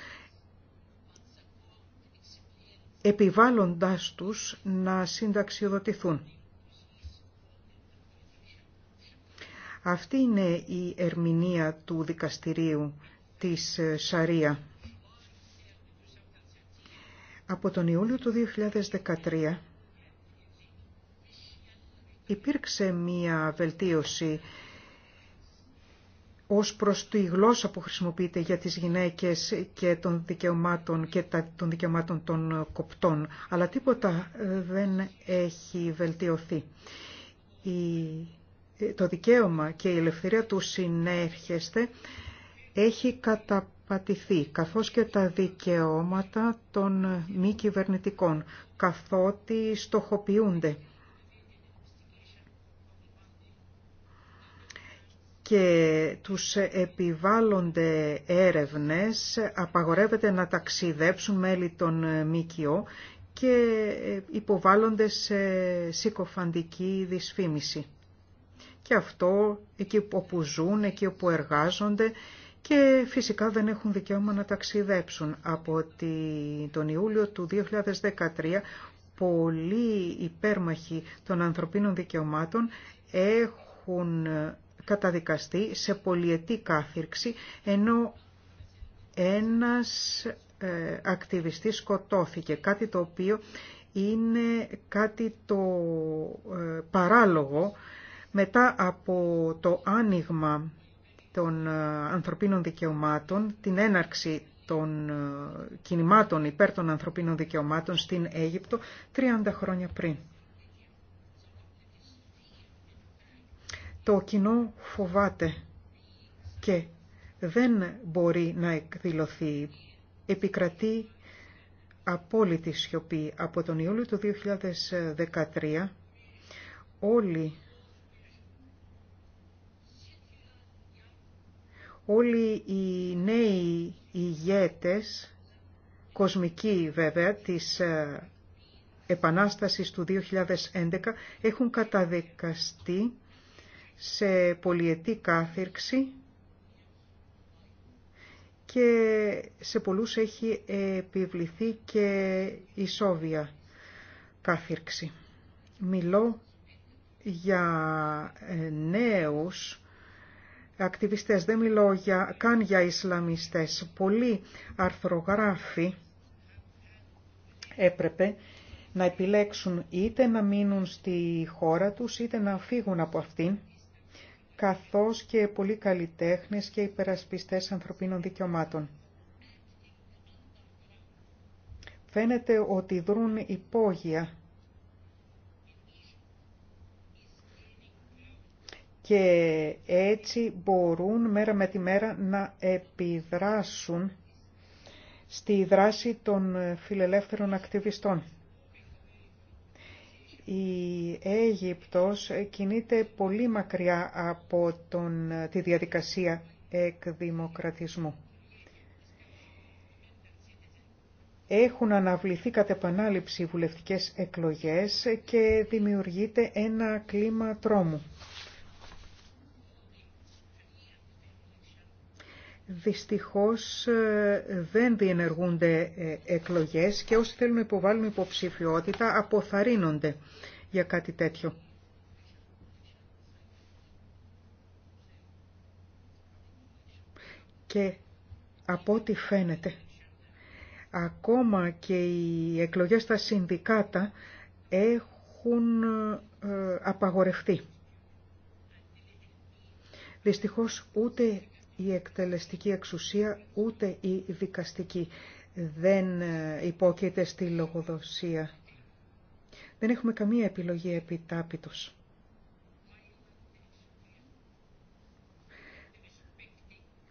επιβάλλοντάς τους να συνταξιοδοτηθούν. Αυτή είναι η ερμηνεία του δικαστηρίου της ε, Σαρία. Από τον Ιούλιο του 2013 υπήρξε μία βελτίωση ως προς τη γλώσσα που χρησιμοποιείται για τις γυναίκες και των δικαιωμάτων, και τα, των, δικαιωμάτων των κοπτών, αλλά τίποτα ε, δεν έχει βελτιωθεί. Ε, το δικαίωμα και η ελευθερία του συνέρχεστε έχει καταπατηθεί, καθώς και τα δικαιώματα των μη κυβερνητικών, καθότι στοχοποιούνται και τους επιβάλλονται έρευνες, απαγορεύεται να ταξιδέψουν μέλη των ΜΚΟ και υποβάλλονται σε συκοφαντική δυσφήμιση. Και αυτό εκεί όπου ζουν, εκεί όπου εργάζονται και φυσικά δεν έχουν δικαίωμα να ταξιδέψουν. Από τον Ιούλιο του 2013 πολλοί υπέρμαχοι των ανθρωπίνων δικαιωμάτων έχουν καταδικαστεί σε πολιετή κάθυρξη, ενώ ένας ε, ακτιβιστής σκοτώθηκε, κάτι το οποίο είναι κάτι το ε, παράλογο μετά από το άνοιγμα των ε, ανθρωπίνων δικαιωμάτων, την έναρξη των ε, κινημάτων υπέρ των ανθρωπίνων δικαιωμάτων στην Αίγυπτο 30 χρόνια πριν. Το κοινό φοβάται και δεν μπορεί να εκδηλωθεί. Επικρατεί απόλυτη σιωπή. Από τον Ιούλιο του 2013 όλοι όλοι οι νέοι ηγέτες, κοσμικοί βέβαια, της ε, Επανάστασης του 2011, έχουν καταδικαστεί σε πολιετή κάθυρξη και σε πολλούς έχει επιβληθεί και ισόβια κάθυρξη. Μιλώ για ε, νέους ακτιβιστές, δεν μιλώ καν για Ισλαμιστές. Πολλοί αρθρογράφοι έπρεπε να επιλέξουν είτε να μείνουν στη χώρα τους είτε να φύγουν από αυτήν καθώς και πολλοί καλλιτέχνες και υπερασπιστές ανθρωπίνων δικαιωμάτων. Φαίνεται ότι δρούν υπόγεια και έτσι μπορούν μέρα με τη μέρα να επιδράσουν στη δράση των φιλελεύθερων ακτιβιστών η Αίγυπτος κινείται πολύ μακριά από τον, τη διαδικασία εκδημοκρατισμού. Έχουν αναβληθεί κατ' επανάληψη βουλευτικές εκλογές και δημιουργείται ένα κλίμα τρόμου Δυστυχώς ε, δεν διενεργούνται ε, εκλογές και όσοι θέλουν να υποβάλουν υποψηφιότητα αποθαρρύνονται για κάτι τέτοιο. Και από ό,τι φαίνεται, ακόμα και οι εκλογές στα συνδικάτα έχουν ε, απαγορευτεί. Δυστυχώς ούτε η εκτελεστική εξουσία ούτε η δικαστική δεν ε, υπόκειται στη λογοδοσία. Δεν έχουμε καμία επιλογή επιτάπητος.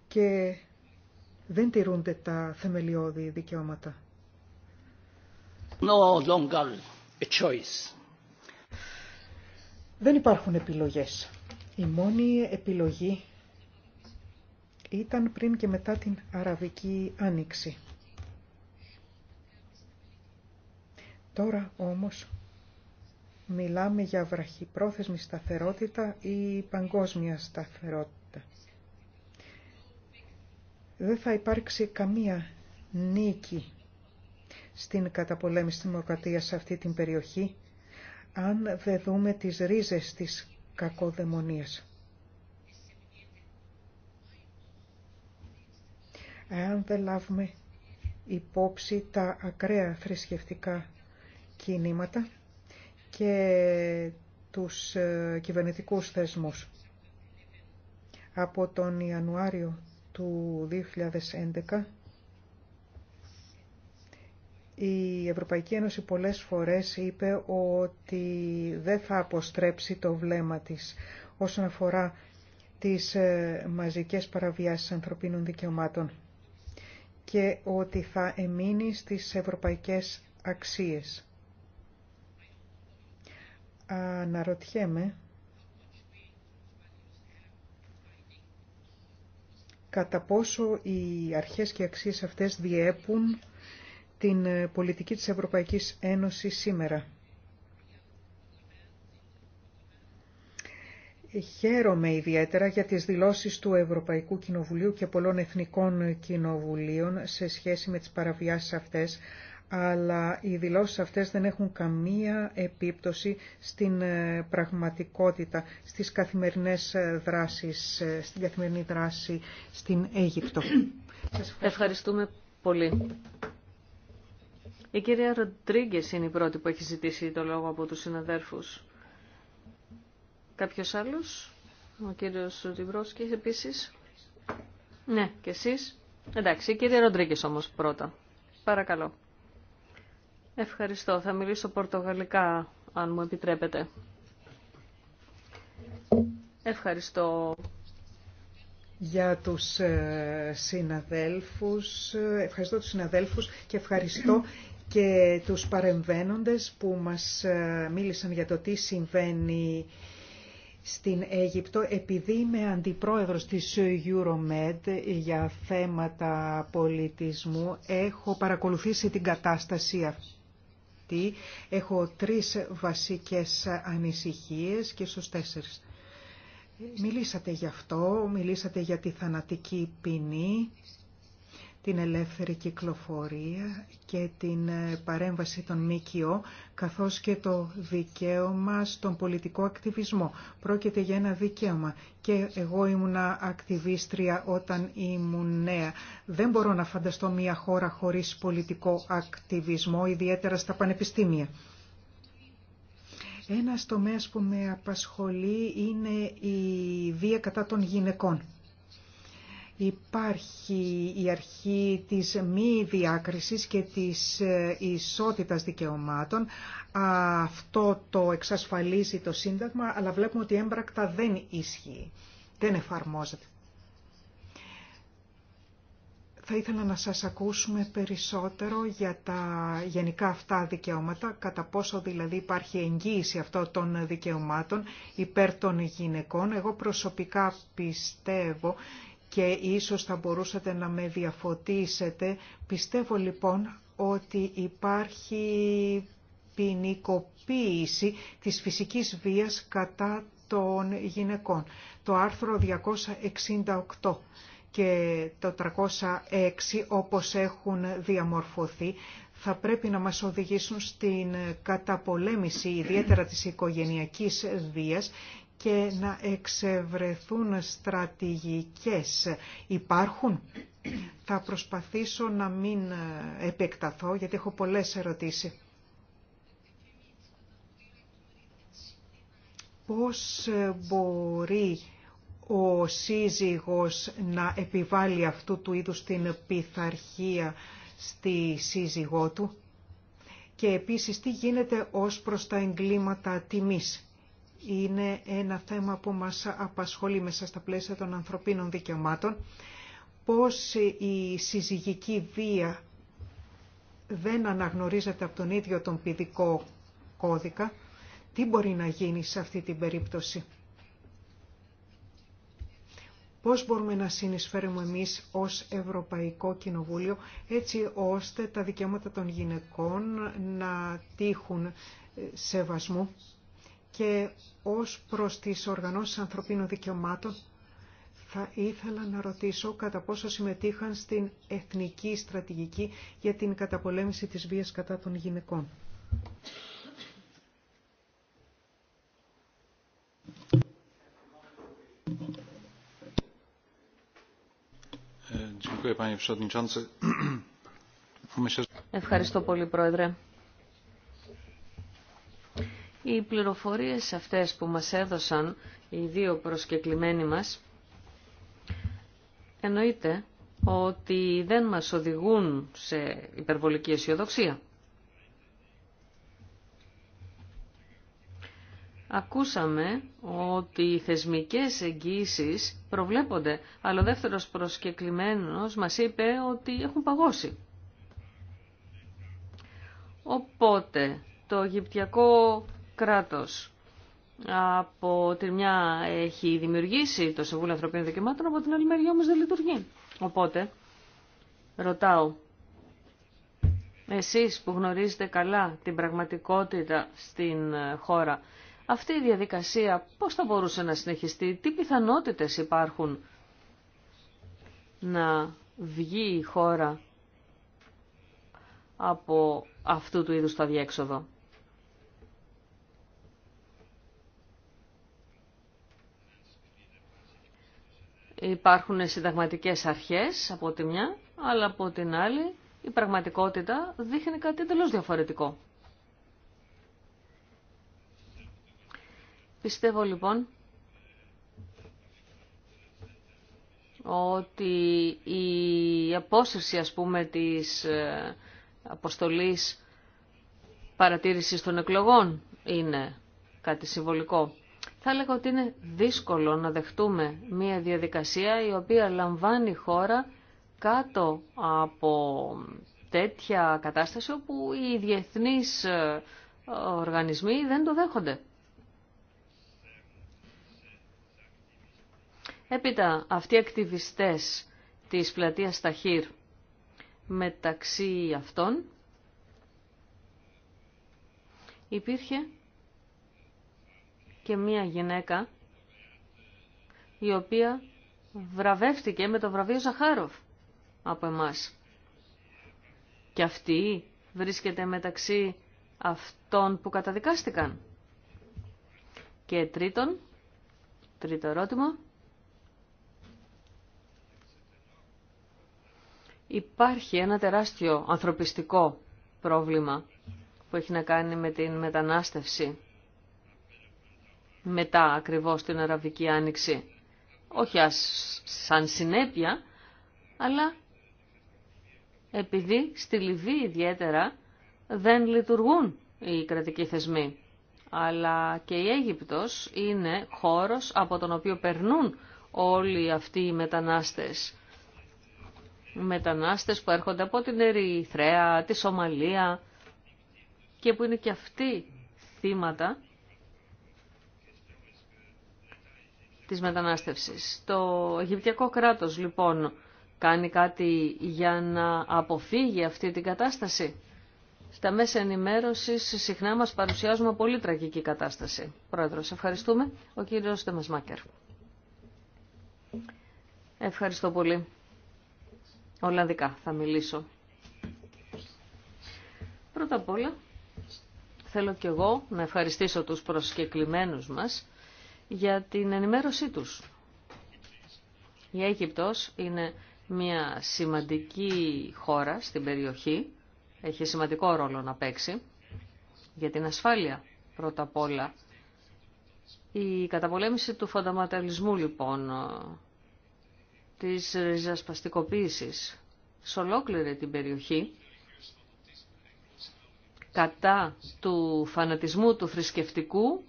Και δεν τηρούνται τα θεμελιώδη δικαιώματα. No Δεν υπάρχουν επιλογές. Η μόνη επιλογή ήταν πριν και μετά την Αραβική Άνοιξη. Τώρα όμως μιλάμε για βραχυπρόθεσμη σταθερότητα ή παγκόσμια σταθερότητα. Δεν θα υπάρξει καμία νίκη στην καταπολέμηση της σε αυτή την περιοχή, αν δεν δούμε τις ρίζες της κακοδαιμονίας. Εάν δεν λάβουμε υπόψη τα ακραία θρησκευτικά κινήματα και τους ε, κυβερνητικούς θεσμούς. Από τον Ιανουάριο του 2011 η Ευρωπαϊκή Ένωση πολλές φορές είπε ότι δεν θα αποστρέψει το βλέμμα της όσον αφορά τις ε, μαζικές παραβιάσεις ανθρωπίνων δικαιωμάτων και ότι θα εμείνει στις ευρωπαϊκές αξίες. Αναρωτιέμαι κατά πόσο οι αρχές και αξίες αυτές διέπουν την πολιτική της Ευρωπαϊκής Ένωσης σήμερα. Χαίρομαι ιδιαίτερα για τις δηλώσεις του Ευρωπαϊκού Κοινοβουλίου και πολλών εθνικών κοινοβουλίων σε σχέση με τις παραβιάσεις αυτές, αλλά οι δηλώσεις αυτές δεν έχουν καμία επίπτωση στην ε, πραγματικότητα, στις καθημερινές ε, δράσεις, ε, στην καθημερινή δράση στην Αίγυπτο. Ευχαριστούμε πολύ. Η κυρία Ροντρίγκε είναι η πρώτη που έχει ζητήσει το λόγο από τους συναδέρφους. Κάποιος άλλος, ο κύριος και επίσης. Ναι, και εσείς. Εντάξει, κυρία Ροντρίγκης όμως πρώτα. Παρακαλώ. Ευχαριστώ. Θα μιλήσω πορτογαλικά, αν μου επιτρέπετε. Ευχαριστώ για τους ε, συναδέλφους, ε, ευχαριστώ τους συναδέλφους και ευχαριστώ και τους παρεμβαίνοντες που μας ε, μίλησαν για το τι συμβαίνει στην Αίγυπτο επειδή είμαι αντιπρόεδρος της Euromed για θέματα πολιτισμού. Έχω παρακολουθήσει την κατάσταση αυτή. Έχω τρεις βασικές ανησυχίες και στους τέσσερις. Μιλήσατε γι' αυτό, μιλήσατε για τη θανατική ποινή την ελεύθερη κυκλοφορία και την ε, παρέμβαση των ΜΚΟ, καθώς και το δικαίωμα στον πολιτικό ακτιβισμό. Πρόκειται για ένα δικαίωμα και εγώ ήμουνα ακτιβίστρια όταν ήμουν νέα. Δεν μπορώ να φανταστώ μια χώρα χωρίς πολιτικό ακτιβισμό, ιδιαίτερα στα πανεπιστήμια. Ένας τομέας που με απασχολεί είναι η βία κατά των γυναικών. Υπάρχει η αρχή της μη διάκρισης και της ε, ισότητας δικαιωμάτων. Αυτό το εξασφαλίζει το Σύνταγμα, αλλά βλέπουμε ότι έμπρακτα δεν ισχύει, δεν εφαρμόζεται. Θα ήθελα να σας ακούσουμε περισσότερο για τα γενικά αυτά δικαιώματα, κατά πόσο δηλαδή υπάρχει εγγύηση αυτών των δικαιωμάτων υπέρ των γυναικών. Εγώ προσωπικά πιστεύω και ίσως θα μπορούσατε να με διαφωτίσετε. Πιστεύω λοιπόν ότι υπάρχει ποινικοποίηση της φυσικής βίας κατά των γυναικών. Το άρθρο 268 και το 306 όπως έχουν διαμορφωθεί θα πρέπει να μας οδηγήσουν στην καταπολέμηση ιδιαίτερα της οικογενειακής βίας και να εξευρεθούν στρατηγικές. Υπάρχουν. Θα προσπαθήσω να μην ε, επεκταθώ γιατί έχω πολλές ερωτήσεις. Πώς ε, μπορεί ο σύζυγος να επιβάλλει αυτού του είδους την πειθαρχία στη σύζυγό του και επίσης τι γίνεται ως προς τα εγκλήματα τιμής είναι ένα θέμα που μας απασχολεί μέσα στα πλαίσια των ανθρωπίνων δικαιωμάτων, πώς η συζυγική βία δεν αναγνωρίζεται από τον ίδιο τον ποιδικό κώδικα, τι μπορεί να γίνει σε αυτή την περίπτωση. Πώς μπορούμε να συνεισφέρουμε εμείς ως Ευρωπαϊκό Κοινοβούλιο έτσι ώστε τα δικαιώματα των γυναικών να τύχουν σεβασμού και ως προς τις οργανώσεις ανθρωπίνων δικαιωμάτων θα ήθελα να ρωτήσω κατά πόσο συμμετείχαν στην εθνική στρατηγική για την καταπολέμηση της βίας κατά των γυναικών. Ε, Ευχαριστώ πολύ, Πρόεδρε. Οι πληροφορίες αυτές που μας έδωσαν οι δύο προσκεκλημένοι μας εννοείται ότι δεν μας οδηγούν σε υπερβολική αισιοδοξία. Ακούσαμε ότι οι θεσμικές εγγύησεις προβλέπονται, αλλά ο δεύτερος προσκεκλημένος μας είπε ότι έχουν παγώσει. Οπότε το Αιγυπτιακό κράτος από τη μια έχει δημιουργήσει το Συμβούλιο Ανθρωπίνων Δικαιωμάτων, από την άλλη μεριά όμως δεν λειτουργεί. Οπότε, ρωτάω, εσείς που γνωρίζετε καλά την πραγματικότητα στην χώρα, αυτή η διαδικασία πώς θα μπορούσε να συνεχιστεί, τι πιθανότητες υπάρχουν να βγει η χώρα από αυτού του είδους το διέξοδο. υπάρχουν συνταγματικές αρχές από τη μια, αλλά από την άλλη η πραγματικότητα δείχνει κάτι εντελώ διαφορετικό. Πιστεύω λοιπόν ότι η απόσυρση ας πούμε της ε, αποστολής παρατήρησης των εκλογών είναι κάτι συμβολικό. Θα έλεγα ότι είναι δύσκολο να δεχτούμε μια διαδικασία η οποία λαμβάνει χώρα κάτω από τέτοια κατάσταση όπου οι διεθνείς ε, οργανισμοί δεν το δέχονται. Έπειτα αυτοί οι ακτιβιστές της πλατείας Ταχύρ μεταξύ αυτών υπήρχε και μία γυναίκα η οποία βραβεύτηκε με το βραβείο Ζαχάροφ από εμάς. Και αυτή βρίσκεται μεταξύ αυτών που καταδικάστηκαν. Και τρίτον, τρίτο ερώτημα, υπάρχει ένα τεράστιο ανθρωπιστικό πρόβλημα που έχει να κάνει με την μετανάστευση μετά ακριβώς την Αραβική Άνοιξη. Όχι ας, σαν συνέπεια, αλλά επειδή στη Λιβύη ιδιαίτερα δεν λειτουργούν οι κρατικοί θεσμοί. Αλλά και η Αίγυπτος είναι χώρος από τον οποίο περνούν όλοι αυτοί οι μετανάστες. Μετανάστες που έρχονται από την Ερυθρέα, τη Σομαλία και που είναι και αυτοί θύματα της μετανάστευσης. Το Αιγυπτιακό κράτος λοιπόν κάνει κάτι για να αποφύγει αυτή την κατάσταση. Στα μέσα ενημέρωσης συχνά μας παρουσιάζουμε πολύ τραγική κατάσταση. Πρόεδρος, ευχαριστούμε. Ο κύριος Δεμασμάκερ. Ευχαριστώ πολύ. Ολλανδικά θα μιλήσω. Πρώτα απ' όλα θέλω κι εγώ να ευχαριστήσω τους προσκεκλημένους μας για την ενημέρωσή τους. Η Αίγυπτος είναι μια σημαντική χώρα στην περιοχή, έχει σημαντικό ρόλο να παίξει για την ασφάλεια πρώτα απ' όλα. Η καταπολέμηση του φονταματαλισμού λοιπόν, της ριζασπαστικοποίησης σε ολόκληρη την περιοχή κατά του φανατισμού του θρησκευτικού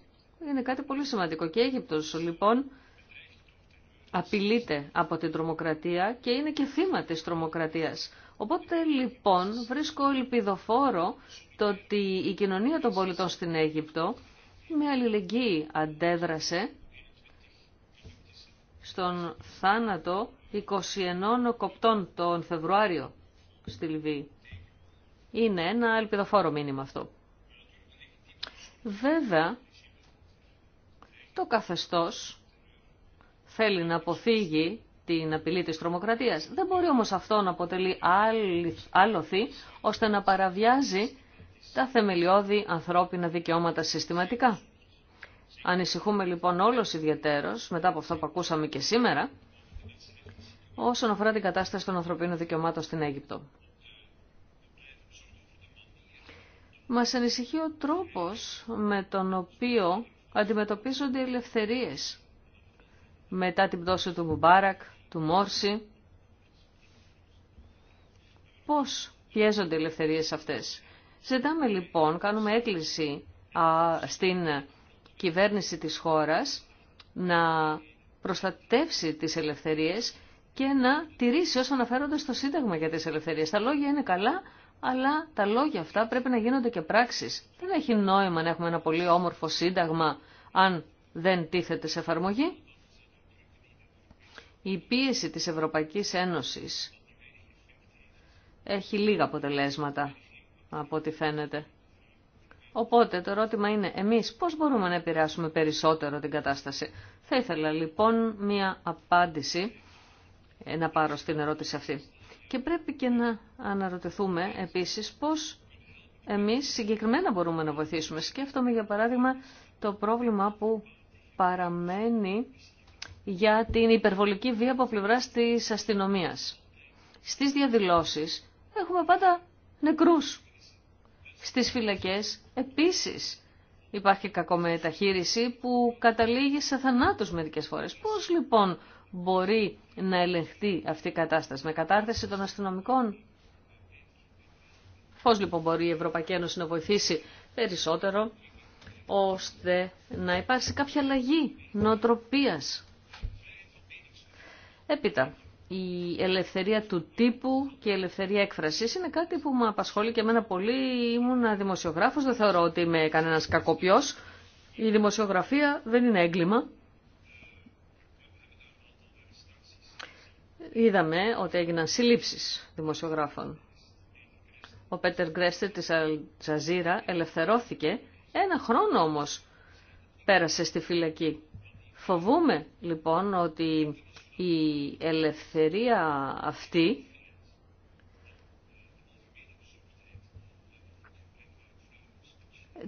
είναι κάτι πολύ σημαντικό. Και η Αίγυπτος λοιπόν απειλείται από την τρομοκρατία και είναι και θύμα της τρομοκρατίας. Οπότε λοιπόν βρίσκω ελπιδοφόρο το ότι η κοινωνία των πολιτών στην Αίγυπτο με αλληλεγγύη αντέδρασε στον θάνατο 21 κοπτών τον Φεβρουάριο στη Λιβύη. Είναι ένα ελπιδοφόρο μήνυμα αυτό. Βέβαια, το καθεστώς θέλει να αποφύγει την απειλή της τρομοκρατίας. Δεν μπορεί όμως αυτό να αποτελεί άλοθη ώστε να παραβιάζει τα θεμελιώδη ανθρώπινα δικαιώματα συστηματικά. Ανησυχούμε λοιπόν όλος ιδιαίτερος, μετά από αυτό που ακούσαμε και σήμερα, όσον αφορά την κατάσταση των ανθρωπίνων δικαιωμάτων στην Αίγυπτο. Μας ανησυχεί ο τρόπος με τον οποίο αντιμετωπίζονται ελευθερίες. Μετά την πτώση του Μουμπάρακ, του Μόρση, πώς πιέζονται οι ελευθερίες αυτές. Ζητάμε λοιπόν, κάνουμε έκκληση στην κυβέρνηση της χώρας να προστατεύσει τις ελευθερίες και να τηρήσει όσον αναφέρονται στο Σύνταγμα για τις ελευθερίες. Τα λόγια είναι καλά, αλλά τα λόγια αυτά πρέπει να γίνονται και πράξεις. Δεν έχει νόημα να έχουμε ένα πολύ όμορφο σύνταγμα αν δεν τίθεται σε εφαρμογή. Η πίεση της Ευρωπαϊκής Ένωσης έχει λίγα αποτελέσματα από ό,τι φαίνεται. Οπότε το ερώτημα είναι εμείς πώς μπορούμε να επηρεάσουμε περισσότερο την κατάσταση. Θα ήθελα λοιπόν μία απάντηση ε, να πάρω στην ερώτηση αυτή. Και πρέπει και να αναρωτηθούμε επίσης πώς εμείς συγκεκριμένα μπορούμε να βοηθήσουμε. Σκέφτομαι για παράδειγμα το πρόβλημα που παραμένει για την υπερβολική βία από πλευρά τη αστυνομία. Στις διαδηλώσεις έχουμε πάντα νεκρούς. Στις φυλακέ. επίσης υπάρχει κακομεταχείριση που καταλήγει σε θανάτους μερικέ φορές. Πώς λοιπόν μπορεί να ελεγχθεί αυτή η κατάσταση. Με κατάρτιση των αστυνομικών. Πώς λοιπόν μπορεί η Ευρωπαϊκή Ένωση να βοηθήσει περισσότερο ώστε να υπάρξει κάποια αλλαγή νοοτροπίας. Έπειτα, η ελευθερία του τύπου και η ελευθερία έκφρασης είναι κάτι που με απασχολεί και εμένα πολύ. Ήμουν δημοσιογράφος, δεν θεωρώ ότι είμαι κανένας κακοποιός. Η δημοσιογραφία δεν είναι έγκλημα. είδαμε ότι έγιναν συλλήψεις δημοσιογράφων. Ο Πέτερ Γκρέστερ της Αλτζαζίρα ελευθερώθηκε, ένα χρόνο όμως πέρασε στη φυλακή. Φοβούμε λοιπόν ότι η ελευθερία αυτή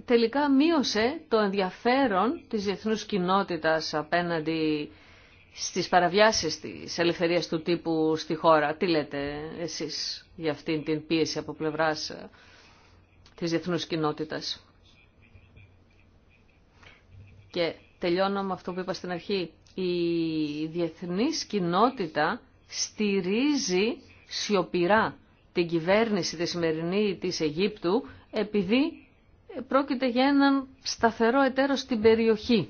τελικά μείωσε το ενδιαφέρον της διεθνούς κοινότητας απέναντι στις παραβιάσεις της ελευθερίας του τύπου στη χώρα. Τι λέτε εσείς για αυτήν την πίεση από πλευράς ε, της διεθνούς κοινότητας. Και τελειώνω με αυτό που είπα στην αρχή. Η διεθνής κοινότητα στηρίζει σιωπηρά την κυβέρνηση της σημερινή της Αιγύπτου επειδή πρόκειται για έναν σταθερό εταίρο στην περιοχή.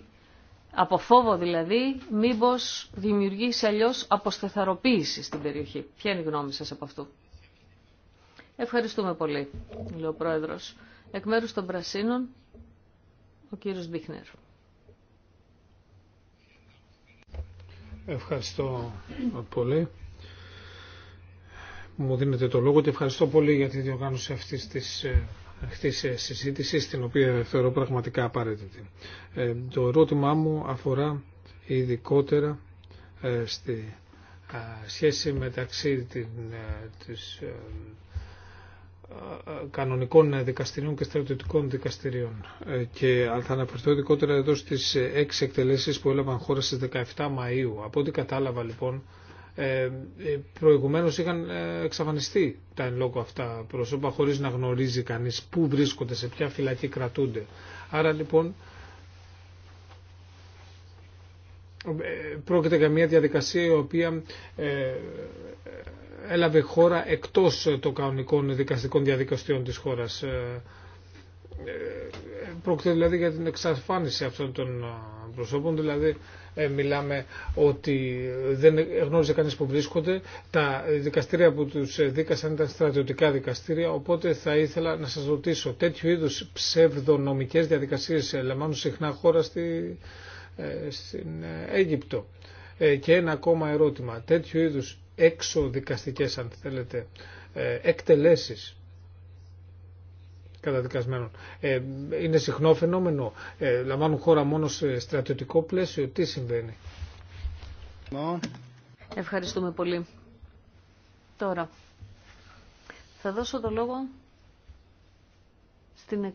Από φόβο δηλαδή, μήπως δημιουργήσει αλλιώς αποστεθαροποίηση στην περιοχή. Ποια είναι η γνώμη σας από αυτού. Ευχαριστούμε πολύ, λέει ο Πρόεδρος. Εκ μέρους των Πρασίνων, ο κύριος Μπίχνερ. Ευχαριστώ πολύ. Μου δίνετε το λόγο και ευχαριστώ πολύ για τη διοργάνωση αυτής της ε, αυτή τη συζήτηση την οποία θεωρώ πραγματικά απαραίτητη. Ε, το ερώτημά μου αφορά ειδικότερα ε, στη σχέση μεταξύ την, ε, της κανονικών δικαστηρίων και στρατιωτικών δικαστηρίων. Και θα αναφερθώ ειδικότερα εδώ στις έξι εκτελέσεις που έλαβαν χώρα στις 17 Μαΐου. Από ό,τι κατάλαβα λοιπόν ε, ε, προηγουμένως είχαν ε, εξαφανιστεί τα εν λόγω αυτά πρόσωπα χωρίς να γνωρίζει κανείς πού βρίσκονται, σε ποια φυλακή κρατούνται. Άρα λοιπόν ε, πρόκειται για μια διαδικασία η οποία ε, έλαβε χώρα εκτός των κανονικών δικαστικών διαδικασιών της χώρας. Ε, πρόκειται δηλαδή για την εξαφάνιση αυτών των προσώπων, δηλαδή ε, μιλάμε ότι δεν γνώριζε κανείς που βρίσκονται. Τα δικαστήρια που τους δίκασαν ήταν στρατιωτικά δικαστήρια, οπότε θα ήθελα να σας ρωτήσω, τέτοιου είδους ψευδονομικές διαδικασίες λαμβάνουν συχνά χώρα στη, ε, στην Αίγυπτο. Ε, και ένα ακόμα ερώτημα, τέτοιου είδους έξοδικαστικές αν θέλετε εκτελέσεις καταδικασμένων. Ε, είναι συχνό φαινόμενο. Ε, λαμβάνουν χώρα μόνο σε στρατιωτικό πλαίσιο. Τι συμβαίνει. Ευχαριστούμε πολύ. Τώρα, θα δώσω το λόγο στην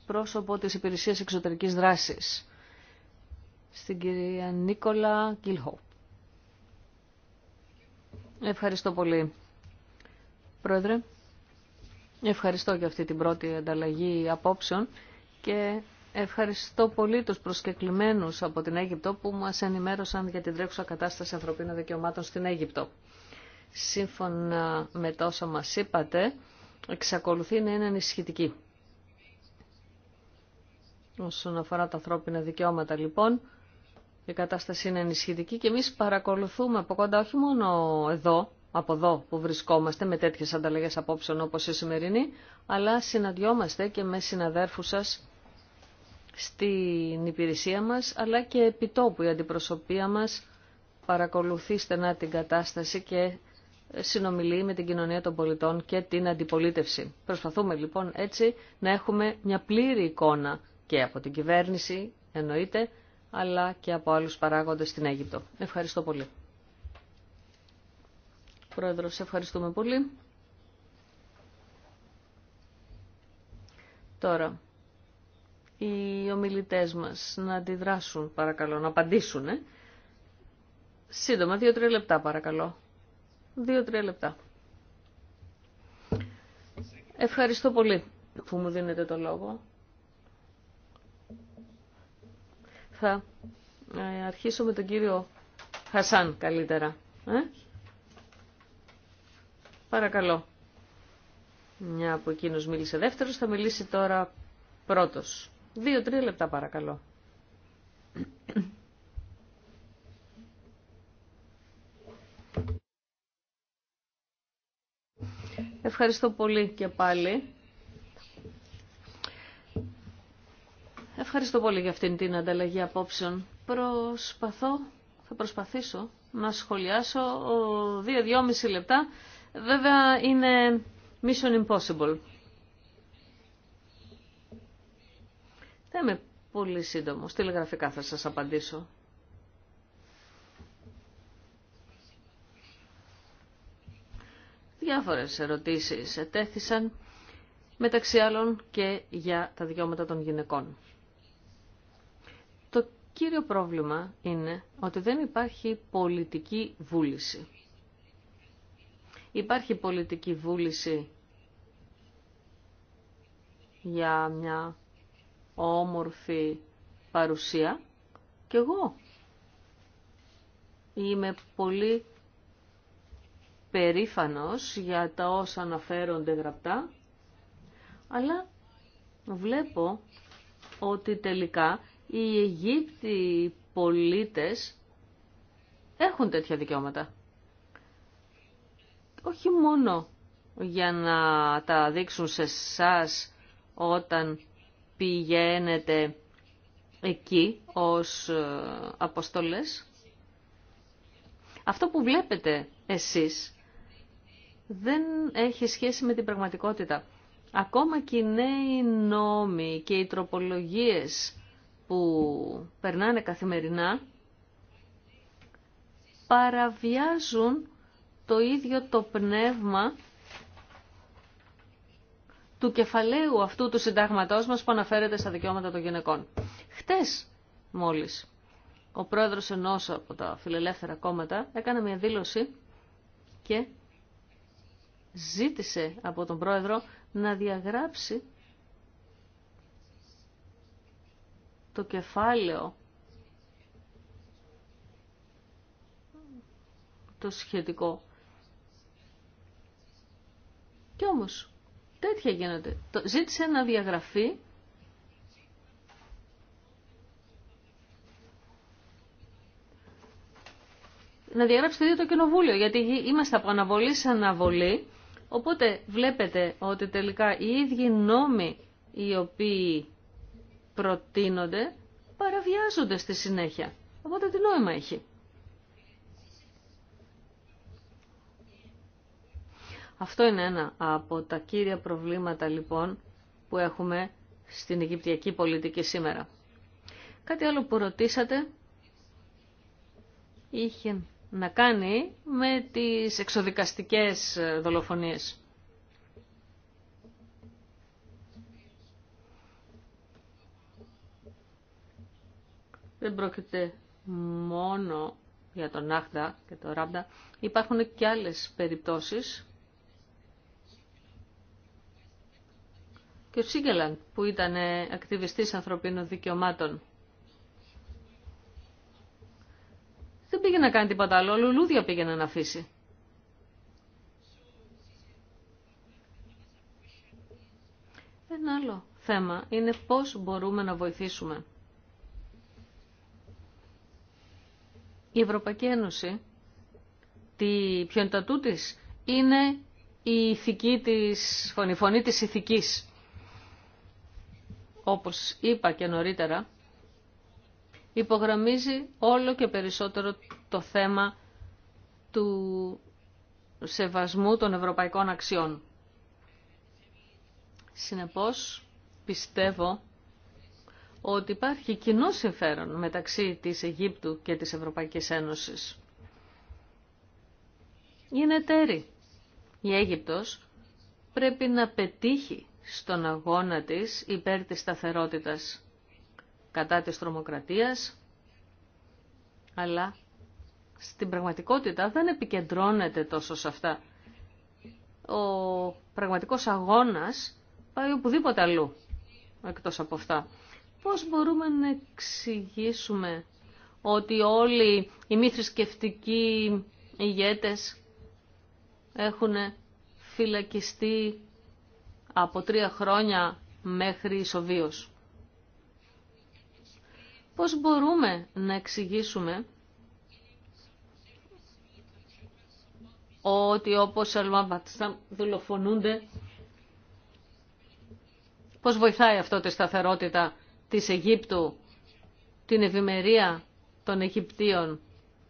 εκπρόσωπο της Υπηρεσίας Εξωτερικής Δράσης, στην κυρία Νίκολα Κιλχό. Ευχαριστώ πολύ. Πρόεδρε. Ευχαριστώ για αυτή την πρώτη ανταλλαγή απόψεων και ευχαριστώ πολύ τους προσκεκλημένους από την Αίγυπτο που μας ενημέρωσαν για την τρέχουσα κατάσταση ανθρωπίνων δικαιωμάτων στην Αίγυπτο. Σύμφωνα με τα όσα μας είπατε, εξακολουθεί να είναι ανησυχητική. Όσον αφορά τα ανθρώπινα δικαιώματα λοιπόν, η κατάσταση είναι ενισχυτική και εμείς παρακολουθούμε από κοντά όχι μόνο εδώ, από εδώ που βρισκόμαστε με τέτοιες ανταλλαγές απόψεων όπως η σημερινή, αλλά συναντιόμαστε και με συναδέρφους σας στην υπηρεσία μας, αλλά και επιτόπου η αντιπροσωπεία μας παρακολουθεί στενά την κατάσταση και συνομιλεί με την κοινωνία των πολιτών και την αντιπολίτευση. Προσπαθούμε λοιπόν έτσι να έχουμε μια πλήρη εικόνα και από την κυβέρνηση εννοείται, αλλά και από άλλους παράγοντες στην Αίγυπτο. Ευχαριστώ πολύ. Πρόεδρος, ευχαριστούμε πολύ. Τώρα, οι ομιλητές μας να αντιδράσουν, παρακαλώ, να απαντήσουν. Ε. Σύντομα, δύο-τρία λεπτά, παρακαλώ. Δύο-τρία λεπτά. Ευχαριστώ πολύ που μου δίνετε το λόγο. Θα ε, αρχίσω με τον κύριο Χασάν καλύτερα. Ε? Παρακαλώ. Μια που εκείνος μίλησε δεύτερος, θα μιλήσει τώρα πρώτος. Δύο-τρία λεπτά παρακαλώ. Ευχαριστώ πολύ και πάλι. Ευχαριστώ πολύ για αυτήν την ανταλλαγή απόψεων. Προσπαθώ, θα προσπαθήσω να σχολιάσω δύο-δυόμιση λεπτά Βέβαια είναι mission impossible. Δεν είμαι πολύ σύντομο. Τηλεγραφικά θα σας απαντήσω. Διάφορες ερωτήσεις ετέθησαν μεταξύ άλλων και για τα δικαιώματα των γυναικών. Το κύριο πρόβλημα είναι ότι δεν υπάρχει πολιτική βούληση. Υπάρχει πολιτική βούληση για μια όμορφη παρουσία και εγώ είμαι πολύ περήφανος για τα όσα αναφέρονται γραπτά αλλά βλέπω ότι τελικά οι Αιγύπτιοι πολίτες έχουν τέτοια δικαιώματα όχι μόνο για να τα δείξουν σε εσά όταν πηγαίνετε εκεί ως ε, αποστολές. Αυτό που βλέπετε εσείς δεν έχει σχέση με την πραγματικότητα. Ακόμα και οι νέοι νόμοι και οι τροπολογίες που περνάνε καθημερινά παραβιάζουν το ίδιο το πνεύμα του κεφαλαίου αυτού του συντάγματός μας που αναφέρεται στα δικαιώματα των γυναικών. Χτες μόλις ο πρόεδρος ενός από τα φιλελεύθερα κόμματα έκανε μια δήλωση και ζήτησε από τον πρόεδρο να διαγράψει το κεφάλαιο το σχετικό κι όμως τέτοια γίνονται. ζήτησε να διαγραφεί να διαγράψει το ίδιο το κοινοβούλιο, γιατί είμαστε από αναβολή σε αναβολή, οπότε βλέπετε ότι τελικά οι ίδιοι νόμοι οι οποίοι προτείνονται παραβιάζονται στη συνέχεια. Οπότε τι νόημα έχει. Αυτό είναι ένα από τα κύρια προβλήματα λοιπόν που έχουμε στην Αιγυπτιακή πολιτική σήμερα. Κάτι άλλο που ρωτήσατε είχε να κάνει με τις εξοδικαστικές δολοφονίες. Δεν πρόκειται μόνο για τον Άχδα και τον Ράμπτα. Υπάρχουν και άλλες περιπτώσεις και ο που ήταν ακτιβιστής ανθρωπίνων δικαιωμάτων. Δεν πήγε να κάνει τίποτα άλλο, λουλούδια πήγε να αφήσει. Ένα άλλο θέμα είναι πώς μπορούμε να βοηθήσουμε. Η Ευρωπαϊκή Ένωση, τη ποιοντατού είναι η ηθική της, φωνή, φωνή της ηθικής όπως είπα και νωρίτερα, υπογραμμίζει όλο και περισσότερο το θέμα του σεβασμού των ευρωπαϊκών αξιών. Συνεπώς, πιστεύω ότι υπάρχει κοινό συμφέρον μεταξύ της Αιγύπτου και της Ευρωπαϊκής Ένωσης. Είναι τέρη. Η Αίγυπτος πρέπει να πετύχει στον αγώνα της υπέρ της σταθερότητας κατά της τρομοκρατίας, αλλά στην πραγματικότητα δεν επικεντρώνεται τόσο σε αυτά. Ο πραγματικός αγώνας πάει οπουδήποτε αλλού, εκτός από αυτά. Πώς μπορούμε να εξηγήσουμε ότι όλοι οι μη θρησκευτικοί ηγέτες έχουν φυλακιστεί από τρία χρόνια μέχρι ισοβίως. Πώς μπορούμε να εξηγήσουμε ότι όπως Αλμαμπατστά δολοφονούνται, πώς βοηθάει αυτό τη σταθερότητα της Αιγύπτου, την ευημερία των Αιγυπτίων,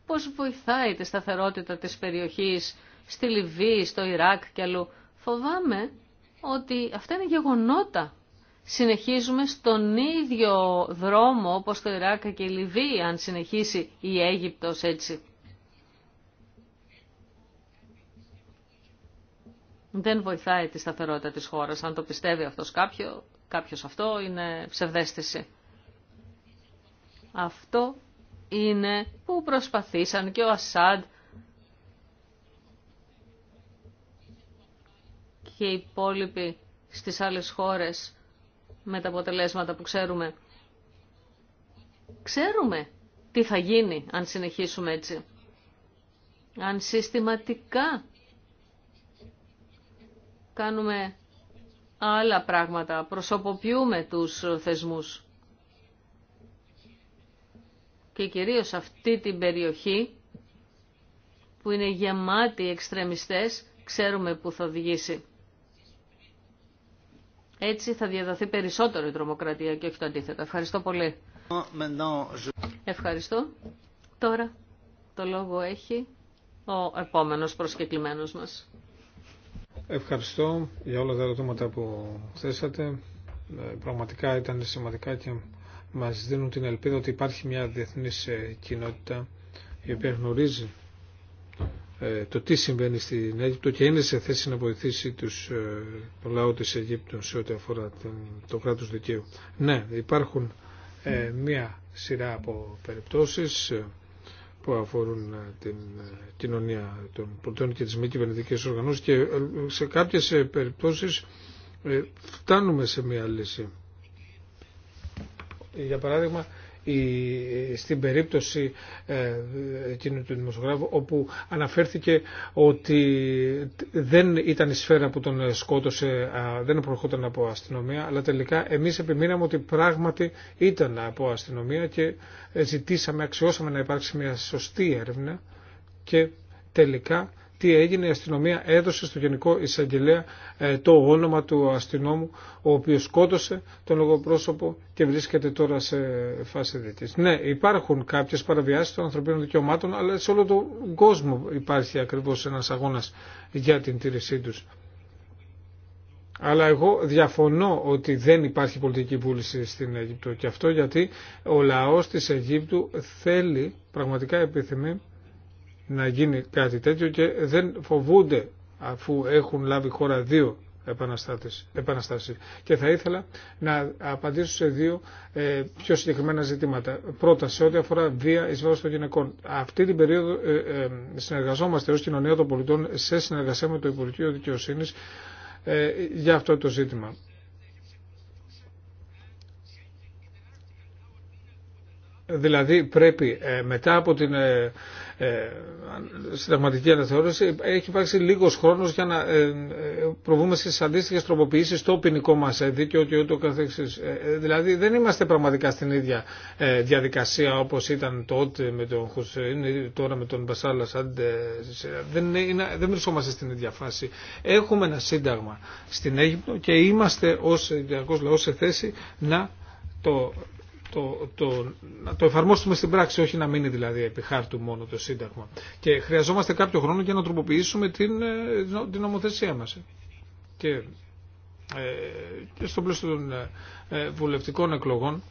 πώς βοηθάει τη σταθερότητα της περιοχής στη Λιβύη, στο Ιράκ και αλλού. Φοβάμαι ότι αυτά είναι γεγονότα. Συνεχίζουμε στον ίδιο δρόμο όπως το Ιράκ και η Λιβύη, αν συνεχίσει η Αίγυπτος έτσι. Δεν βοηθάει τη σταθερότητα της χώρας. Αν το πιστεύει αυτός κάποιο, κάποιος αυτό είναι ψευδέστηση. Αυτό είναι που προσπαθήσαν και ο Ασάντ και οι υπόλοιποι στις άλλες χώρες με τα αποτελέσματα που ξέρουμε. Ξέρουμε τι θα γίνει αν συνεχίσουμε έτσι. Αν συστηματικά κάνουμε άλλα πράγματα, προσωποποιούμε τους θεσμούς. Και κυρίως αυτή την περιοχή που είναι γεμάτη εξτρεμιστές, ξέρουμε που θα οδηγήσει. Έτσι θα διαδοθεί περισσότερο η τρομοκρατία και όχι το αντίθετο. Ευχαριστώ πολύ. Ευχαριστώ. Τώρα το λόγο έχει ο επόμενος προσκεκλημένος μας. Ευχαριστώ για όλα τα ερωτήματα που θέσατε. Ε, πραγματικά ήταν σημαντικά και μας δίνουν την ελπίδα ότι υπάρχει μια διεθνής ε, κοινότητα η οποία γνωρίζει ε, το τι συμβαίνει στην Αίγυπτο και είναι σε θέση να βοηθήσει τους, ε, τον λαό της Αιγύπτου σε ό,τι αφορά τον, το κράτος δικαίου. Ναι, υπάρχουν ε, μία σειρά από περιπτώσεις που αφορούν την κοινωνία των πολιτών και τις μη κυβερνητικέ οργανώσεις και σε κάποιες περιπτώσεις φτάνουμε σε μία λύση. Για παράδειγμα, στην περίπτωση ε, εκείνου του δημοσιογράφου όπου αναφέρθηκε ότι δεν ήταν η σφαίρα που τον σκότωσε, δεν προχώταν από αστυνομία, αλλά τελικά εμείς επιμείναμε ότι πράγματι ήταν από αστυνομία και ζητήσαμε, αξιώσαμε να υπάρξει μια σωστή έρευνα και τελικά τι έγινε, η αστυνομία έδωσε στο Γενικό Εισαγγελέα ε, το όνομα του αστυνόμου, ο οποίος σκότωσε τον λογοπρόσωπο και βρίσκεται τώρα σε φάση δίκης. Ναι, υπάρχουν κάποιες παραβιάσεις των ανθρωπίνων δικαιωμάτων, αλλά σε όλο τον κόσμο υπάρχει ακριβώς ένας αγώνας για την τήρησή τους. Αλλά εγώ διαφωνώ ότι δεν υπάρχει πολιτική βούληση στην Αίγυπτο και αυτό γιατί ο λαός της Αιγύπτου θέλει, πραγματικά επιθυμεί, να γίνει κάτι τέτοιο και δεν φοβούνται αφού έχουν λάβει χώρα δύο επαναστάσεις. Και θα ήθελα να απαντήσω σε δύο ε, πιο συγκεκριμένα ζητήματα. Πρώτα, σε ό,τι αφορά βία εις βάρος των γυναικών. Αυτή την περίοδο ε, ε συνεργαζόμαστε ως κοινωνία των πολιτών σε συνεργασία με το Υπουργείο Δικαιοσύνης ε, για αυτό το ζήτημα. Δηλαδή πρέπει μετά από την ε, συνταγματική αναθεώρηση, έχει υπάρξει λίγος χρόνος για να ε, ε, προβούμε στι αντίστοιχε τροποποιήσει στο ποινικό μας δίκαιο και ούτω καθεξής. Δηλαδή δεν είμαστε πραγματικά στην ίδια διαδικασία όπως ήταν τότε με τον Χουσέιν, τώρα με τον Μπασάλα Σάντε. Δεν, δεν βρισκόμαστε στην ίδια φάση. Έχουμε ένα σύνταγμα στην Αίγυπτο και είμαστε ω ιδιακό λαό σε θέση να το το, το, να το εφαρμόσουμε στην πράξη, όχι να μείνει δηλαδή επί χάρτου μόνο το Σύνταγμα. Και χρειαζόμαστε κάποιο χρόνο για να τροποποιήσουμε την, ε, την νομοθεσία μας. Και, ε, και στο πλαίσιο των ε, ε, βουλευτικών εκλογών,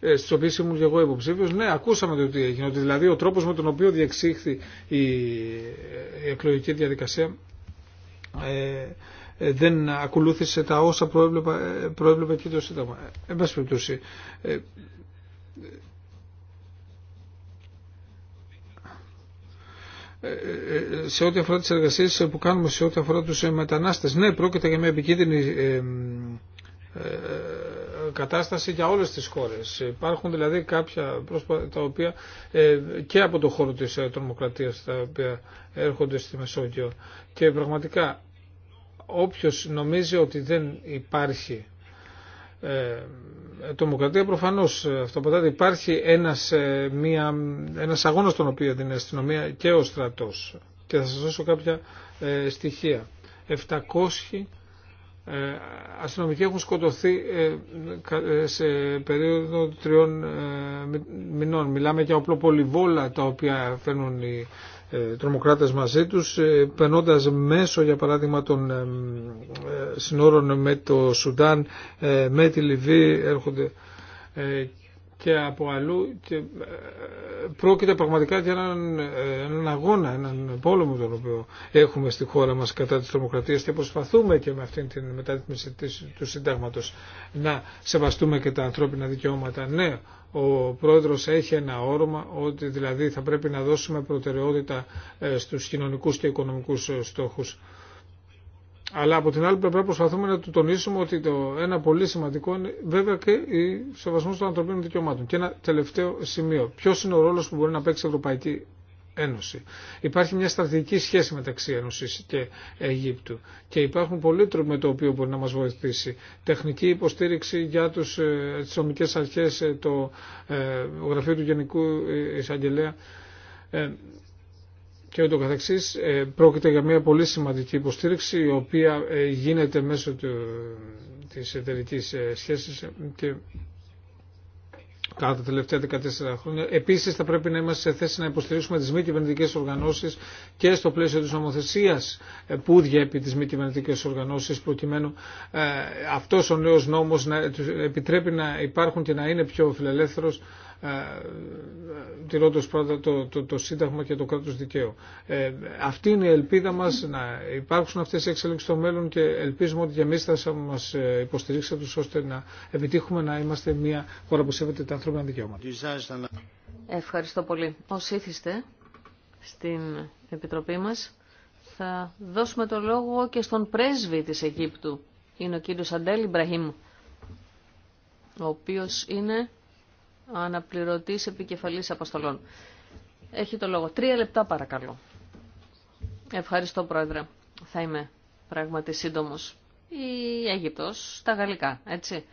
ε, στι οποίε ήμουν και εγώ υποψήφιο, ναι, ακούσαμε το τι έγινε. Ότι δηλαδή ο τρόπο με τον οποίο διεξήχθη η, η εκλογική διαδικασία ε, ε, δεν ακολούθησε τα όσα ε, προέβλεπε και το Σύνταγμα. Ε, εν πάση σε ό,τι αφορά τις εργασίες που κάνουμε σε ό,τι αφορά τους μετανάστες. Ναι, πρόκειται για μια επικίνδυνη κατάσταση για όλες τις χώρες. Υπάρχουν δηλαδή κάποια πρόσωπα τα οποία και από το χώρο της τρομοκρατίας τα οποία έρχονται στη Μεσόγειο. Και πραγματικά όποιος νομίζει ότι δεν υπάρχει ε, τομοκρατία προφανώς δεν υπάρχει ένας, ε, μια, ένας αγώνας τον οποίο την αστυνομία και ο στρατός και θα σας δώσω κάποια ε, στοιχεία 700 ε, αστυνομικοί έχουν σκοτωθεί ε, σε περίοδο τριών μηνών. Μιλάμε για οπλοπολιβόλα τα οποία φέρνουν οι ε, τρομοκράτες μαζί τους ε, περνώντας μέσω για παράδειγμα των ε, συνόρων με το Σουδάν, με τη Λιβύη έρχονται και από αλλού και ε, πρόκειται πραγματικά για έναν, έναν αγώνα, έναν πόλεμο τον οποίο έχουμε στη χώρα μας κατά της τρομοκρατίας και προσπαθούμε και με αυτήν την μεταρρύθμιση του συντάγματος να σεβαστούμε και τα ανθρώπινα δικαιώματα. Ναι, ο πρόεδρος έχει ένα όρομα ότι δηλαδή θα πρέπει να δώσουμε προτεραιότητα ε, στους κοινωνικούς και οικονομικούς ε, στόχους αλλά από την άλλη πλευρά προσπαθούμε να του τονίσουμε ότι το ένα πολύ σημαντικό είναι βέβαια και η σεβασμό των ανθρωπίνων δικαιωμάτων. Και ένα τελευταίο σημείο. Ποιο είναι ο ρόλο που μπορεί να παίξει η Ευρωπαϊκή Ένωση. Υπάρχει μια στρατηγική σχέση μεταξύ Ένωση και Αιγύπτου και υπάρχουν πολλοί τρόποι με το οποίο μπορεί να μα βοηθήσει. Τεχνική υποστήριξη για τους, ε, τι νομικέ αρχέ, ε, το ε, γραφείο του Γενικού Εισαγγελέα και ούτω καθεξής. Πρόκειται για μια πολύ σημαντική υποστήριξη η οποία ε, γίνεται μέσω του, της εταιρικής ε, σχέσης ε, και κατά τα τελευταία 14 χρόνια. Επίσης θα πρέπει να είμαστε σε θέση να υποστηρίξουμε τις μη κυβερνητικέ οργανώσει και στο πλαίσιο τη νομοθεσία που διέπει τι μη κυβερνητικέ οργανώσει, προκειμένου αυτό ο νέος νόμος να επιτρέπει να υπάρχουν και να είναι πιο φιλελεύθερο ε, τηρώντας πρώτα το, το, το Σύνταγμα και το κράτος δικαίου. Ε, αυτή είναι η ελπίδα μας να υπάρξουν αυτές οι εξελίξεις στο μέλλον και ελπίζουμε ότι και εμείς θα μας ε, υποστηρίξετε ώστε να επιτύχουμε να είμαστε μια χώρα που σέβεται τα ανθρώπινα δικαιώματα. Ευχαριστώ πολύ. Ως ήθιστε στην Επιτροπή μας θα δώσουμε το λόγο και στον πρέσβη της Αιγύπτου. Είναι ο κύριος Αντέλ Ιμπραχήμ, ο οποίος είναι αναπληρωτής επικεφαλής αποστολών. Έχει το λόγο. Τρία λεπτά παρακαλώ. Ευχαριστώ Πρόεδρε. Θα είμαι πράγματι σύντομος. Η Αίγυπτος, τα γαλλικά, έτσι.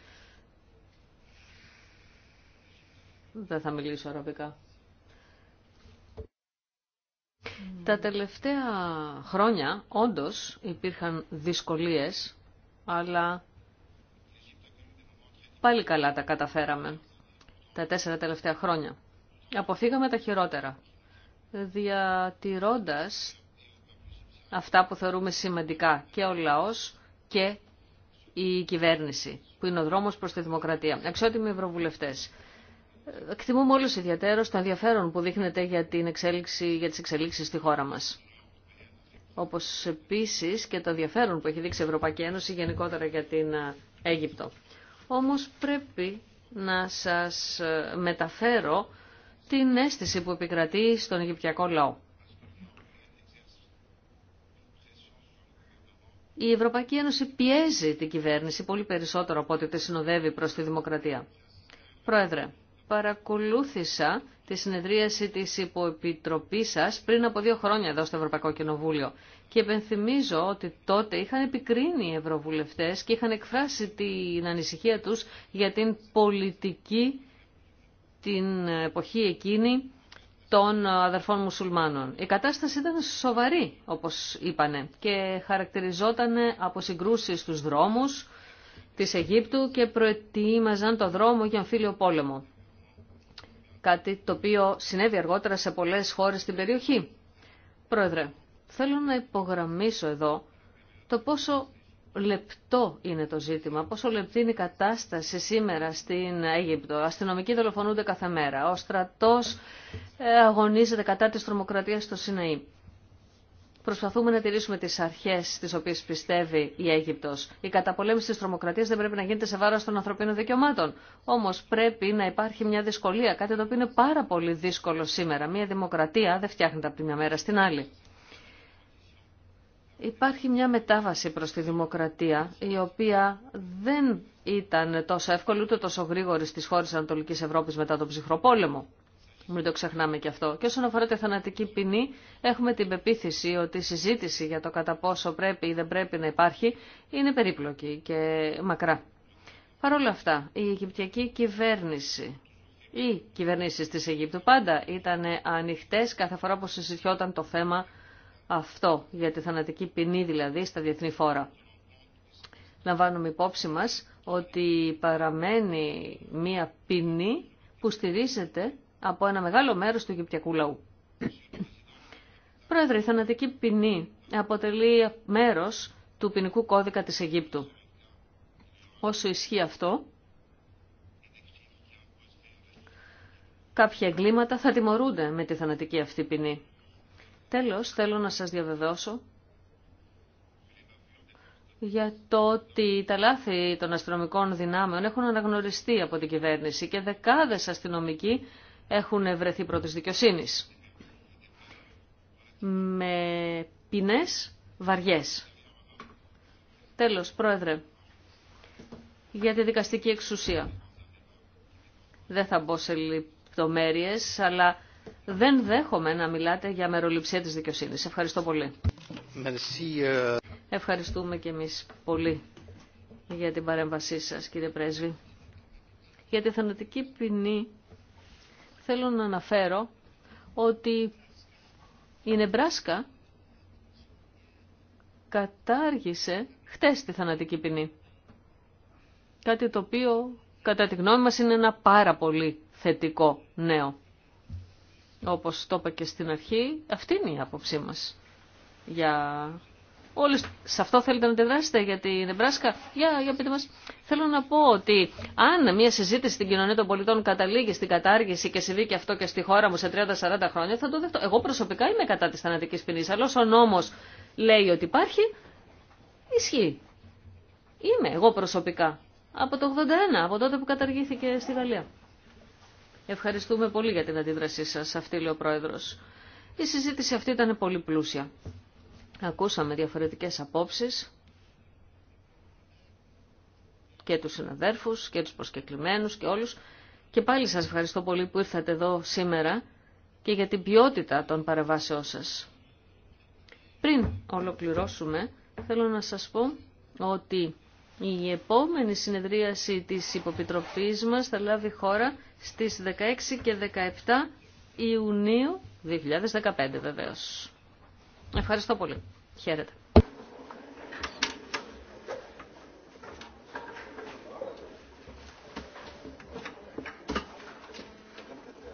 Δεν θα μιλήσω αραβικά. Τα τελευταία χρόνια όντως υπήρχαν δυσκολίες, αλλά πάλι καλά τα καταφέραμε τα τέσσερα τελευταία χρόνια. Αποφύγαμε τα χειρότερα, διατηρώντας αυτά που θεωρούμε σημαντικά και ο λαός και η κυβέρνηση, που είναι ο δρόμος προς τη δημοκρατία. Αξιότιμοι ευρωβουλευτές, εκτιμούμε όλους ιδιαίτερως το ενδιαφέρον που δείχνεται για, την εξέλιξη, για τις εξελίξεις στη χώρα μας. Όπως επίσης και το ενδιαφέρον που έχει δείξει η Ευρωπαϊκή Ένωση γενικότερα για την ε, Αίγυπτο. Όμως πρέπει να σας ε, μεταφέρω την αίσθηση που επικρατεί στον Αιγυπτιακό λαό. Η Ευρωπαϊκή Ένωση πιέζει την κυβέρνηση πολύ περισσότερο από ό,τι τη συνοδεύει προς τη δημοκρατία. Πρόεδρε, παρακολούθησα τη συνεδρίαση της υποεπιτροπής σας πριν από δύο χρόνια εδώ στο Ευρωπαϊκό Κοινοβούλιο και επενθυμίζω ότι τότε είχαν επικρίνει οι ευρωβουλευτές και είχαν εκφράσει την ανησυχία τους για την πολιτική την εποχή εκείνη των αδερφών μουσουλμάνων. Η κατάσταση ήταν σοβαρή, όπως είπανε, και χαρακτηριζόταν από συγκρούσεις στους δρόμους της Αιγύπτου και προετοίμαζαν το δρόμο για αμφίλιο πόλεμο κάτι το οποίο συνέβη αργότερα σε πολλές χώρες στην περιοχή. Πρόεδρε, θέλω να υπογραμμίσω εδώ το πόσο λεπτό είναι το ζήτημα, πόσο λεπτή είναι η κατάσταση σήμερα στην Αίγυπτο. Αστυνομικοί δολοφονούνται κάθε μέρα, ο στρατός ε, αγωνίζεται κατά της τρομοκρατίας στο Σιναή. Προσπαθούμε να τηρήσουμε τι αρχέ τις οποίε πιστεύει η Αίγυπτος. Η καταπολέμηση τη τρομοκρατία δεν πρέπει να γίνεται σε βάρο των ανθρωπίνων δικαιωμάτων. Όμω πρέπει να υπάρχει μια δυσκολία, κάτι το οποίο είναι πάρα πολύ δύσκολο σήμερα. Μια δημοκρατία δεν φτιάχνεται από τη μια μέρα στην άλλη. Υπάρχει μια μετάβαση προ τη δημοκρατία, η οποία δεν ήταν τόσο εύκολη ούτε τόσο γρήγορη στις χώρες Ανατολικής Ευρώπης μετά τον ψυχροπόλεμο. Μην το ξεχνάμε και αυτό. Και όσον αφορά τη θανατική ποινή, έχουμε την πεποίθηση ότι η συζήτηση για το κατά πόσο πρέπει ή δεν πρέπει να υπάρχει είναι περίπλοκη και μακρά. Παρ' όλα αυτά, η Αιγυπτιακή κυβέρνηση ή κυβερνήσεις της Αιγύπτου πάντα ήταν ανοιχτές κάθε φορά που συζητιόταν το θέμα αυτό, για τη θανατική ποινή δηλαδή στα διεθνή φόρα. Λαμβάνουμε υπόψη μας ότι παραμένει μία ποινή που στηρίζεται από ένα μεγάλο μέρος του Αιγυπτιακού λαού. Πρόεδρε, η θανατική ποινή αποτελεί μέρος του ποινικού κώδικα της Αιγύπτου. Όσο ισχύει αυτό, κάποια εγκλήματα θα τιμωρούνται με τη θανατική αυτή ποινή. Τέλος, θέλω να σας διαβεβαιώσω για το ότι τα λάθη των αστυνομικών δυνάμεων έχουν αναγνωριστεί από την κυβέρνηση και δεκάδες αστυνομικοί έχουν βρεθεί πρώτη δικαιοσύνη. Με ποινέ βαριέ. Τέλος, Πρόεδρε, για τη δικαστική εξουσία. Δεν θα μπω σε λεπτομέρειε, αλλά δεν δέχομαι να μιλάτε για μεροληψία της δικαιοσύνης. Ευχαριστώ πολύ. Merci. Ε. Ευχαριστούμε και εμείς πολύ για την παρέμβασή σας, κύριε Πρέσβη. Για τη θανατική ποινή θέλω να αναφέρω ότι η Νεμπράσκα κατάργησε χτες τη θανατική ποινή. Κάτι το οποίο κατά τη γνώμη μας είναι ένα πάρα πολύ θετικό νέο. Όπως το είπα και στην αρχή, αυτή είναι η άποψή μας για Όλοι σε αυτό θέλετε να αντιδράσετε για την Εμπράσκα. Για, για πείτε μας. Θέλω να πω ότι αν μια συζήτηση στην κοινωνία των πολιτών καταλήγει στην κατάργηση και συμβεί και αυτό και στη χώρα μου σε 30-40 χρόνια, θα το δεχτώ. Εγώ προσωπικά είμαι κατά τη θανατική ποινή. αλλά όσο ο νόμος λέει ότι υπάρχει, ισχύει. Είμαι εγώ προσωπικά. Από το 81, από τότε που καταργήθηκε στη Γαλλία. Ευχαριστούμε πολύ για την αντίδρασή σα αυτή λέει ο πρόεδρο. Η συζήτηση αυτή ήταν πολύ πλούσια. Ακούσαμε διαφορετικές απόψεις και τους συναδέρφους και τους προσκεκλημένους και όλους. Και πάλι σας ευχαριστώ πολύ που ήρθατε εδώ σήμερα και για την ποιότητα των παρεμβάσεών σας. Πριν ολοκληρώσουμε, θέλω να σας πω ότι η επόμενη συνεδρίαση της υποπιτροπής μας θα λάβει χώρα στις 16 και 17 Ιουνίου 2015 βεβαίως. Ευχαριστώ πολύ. Χαίρετε.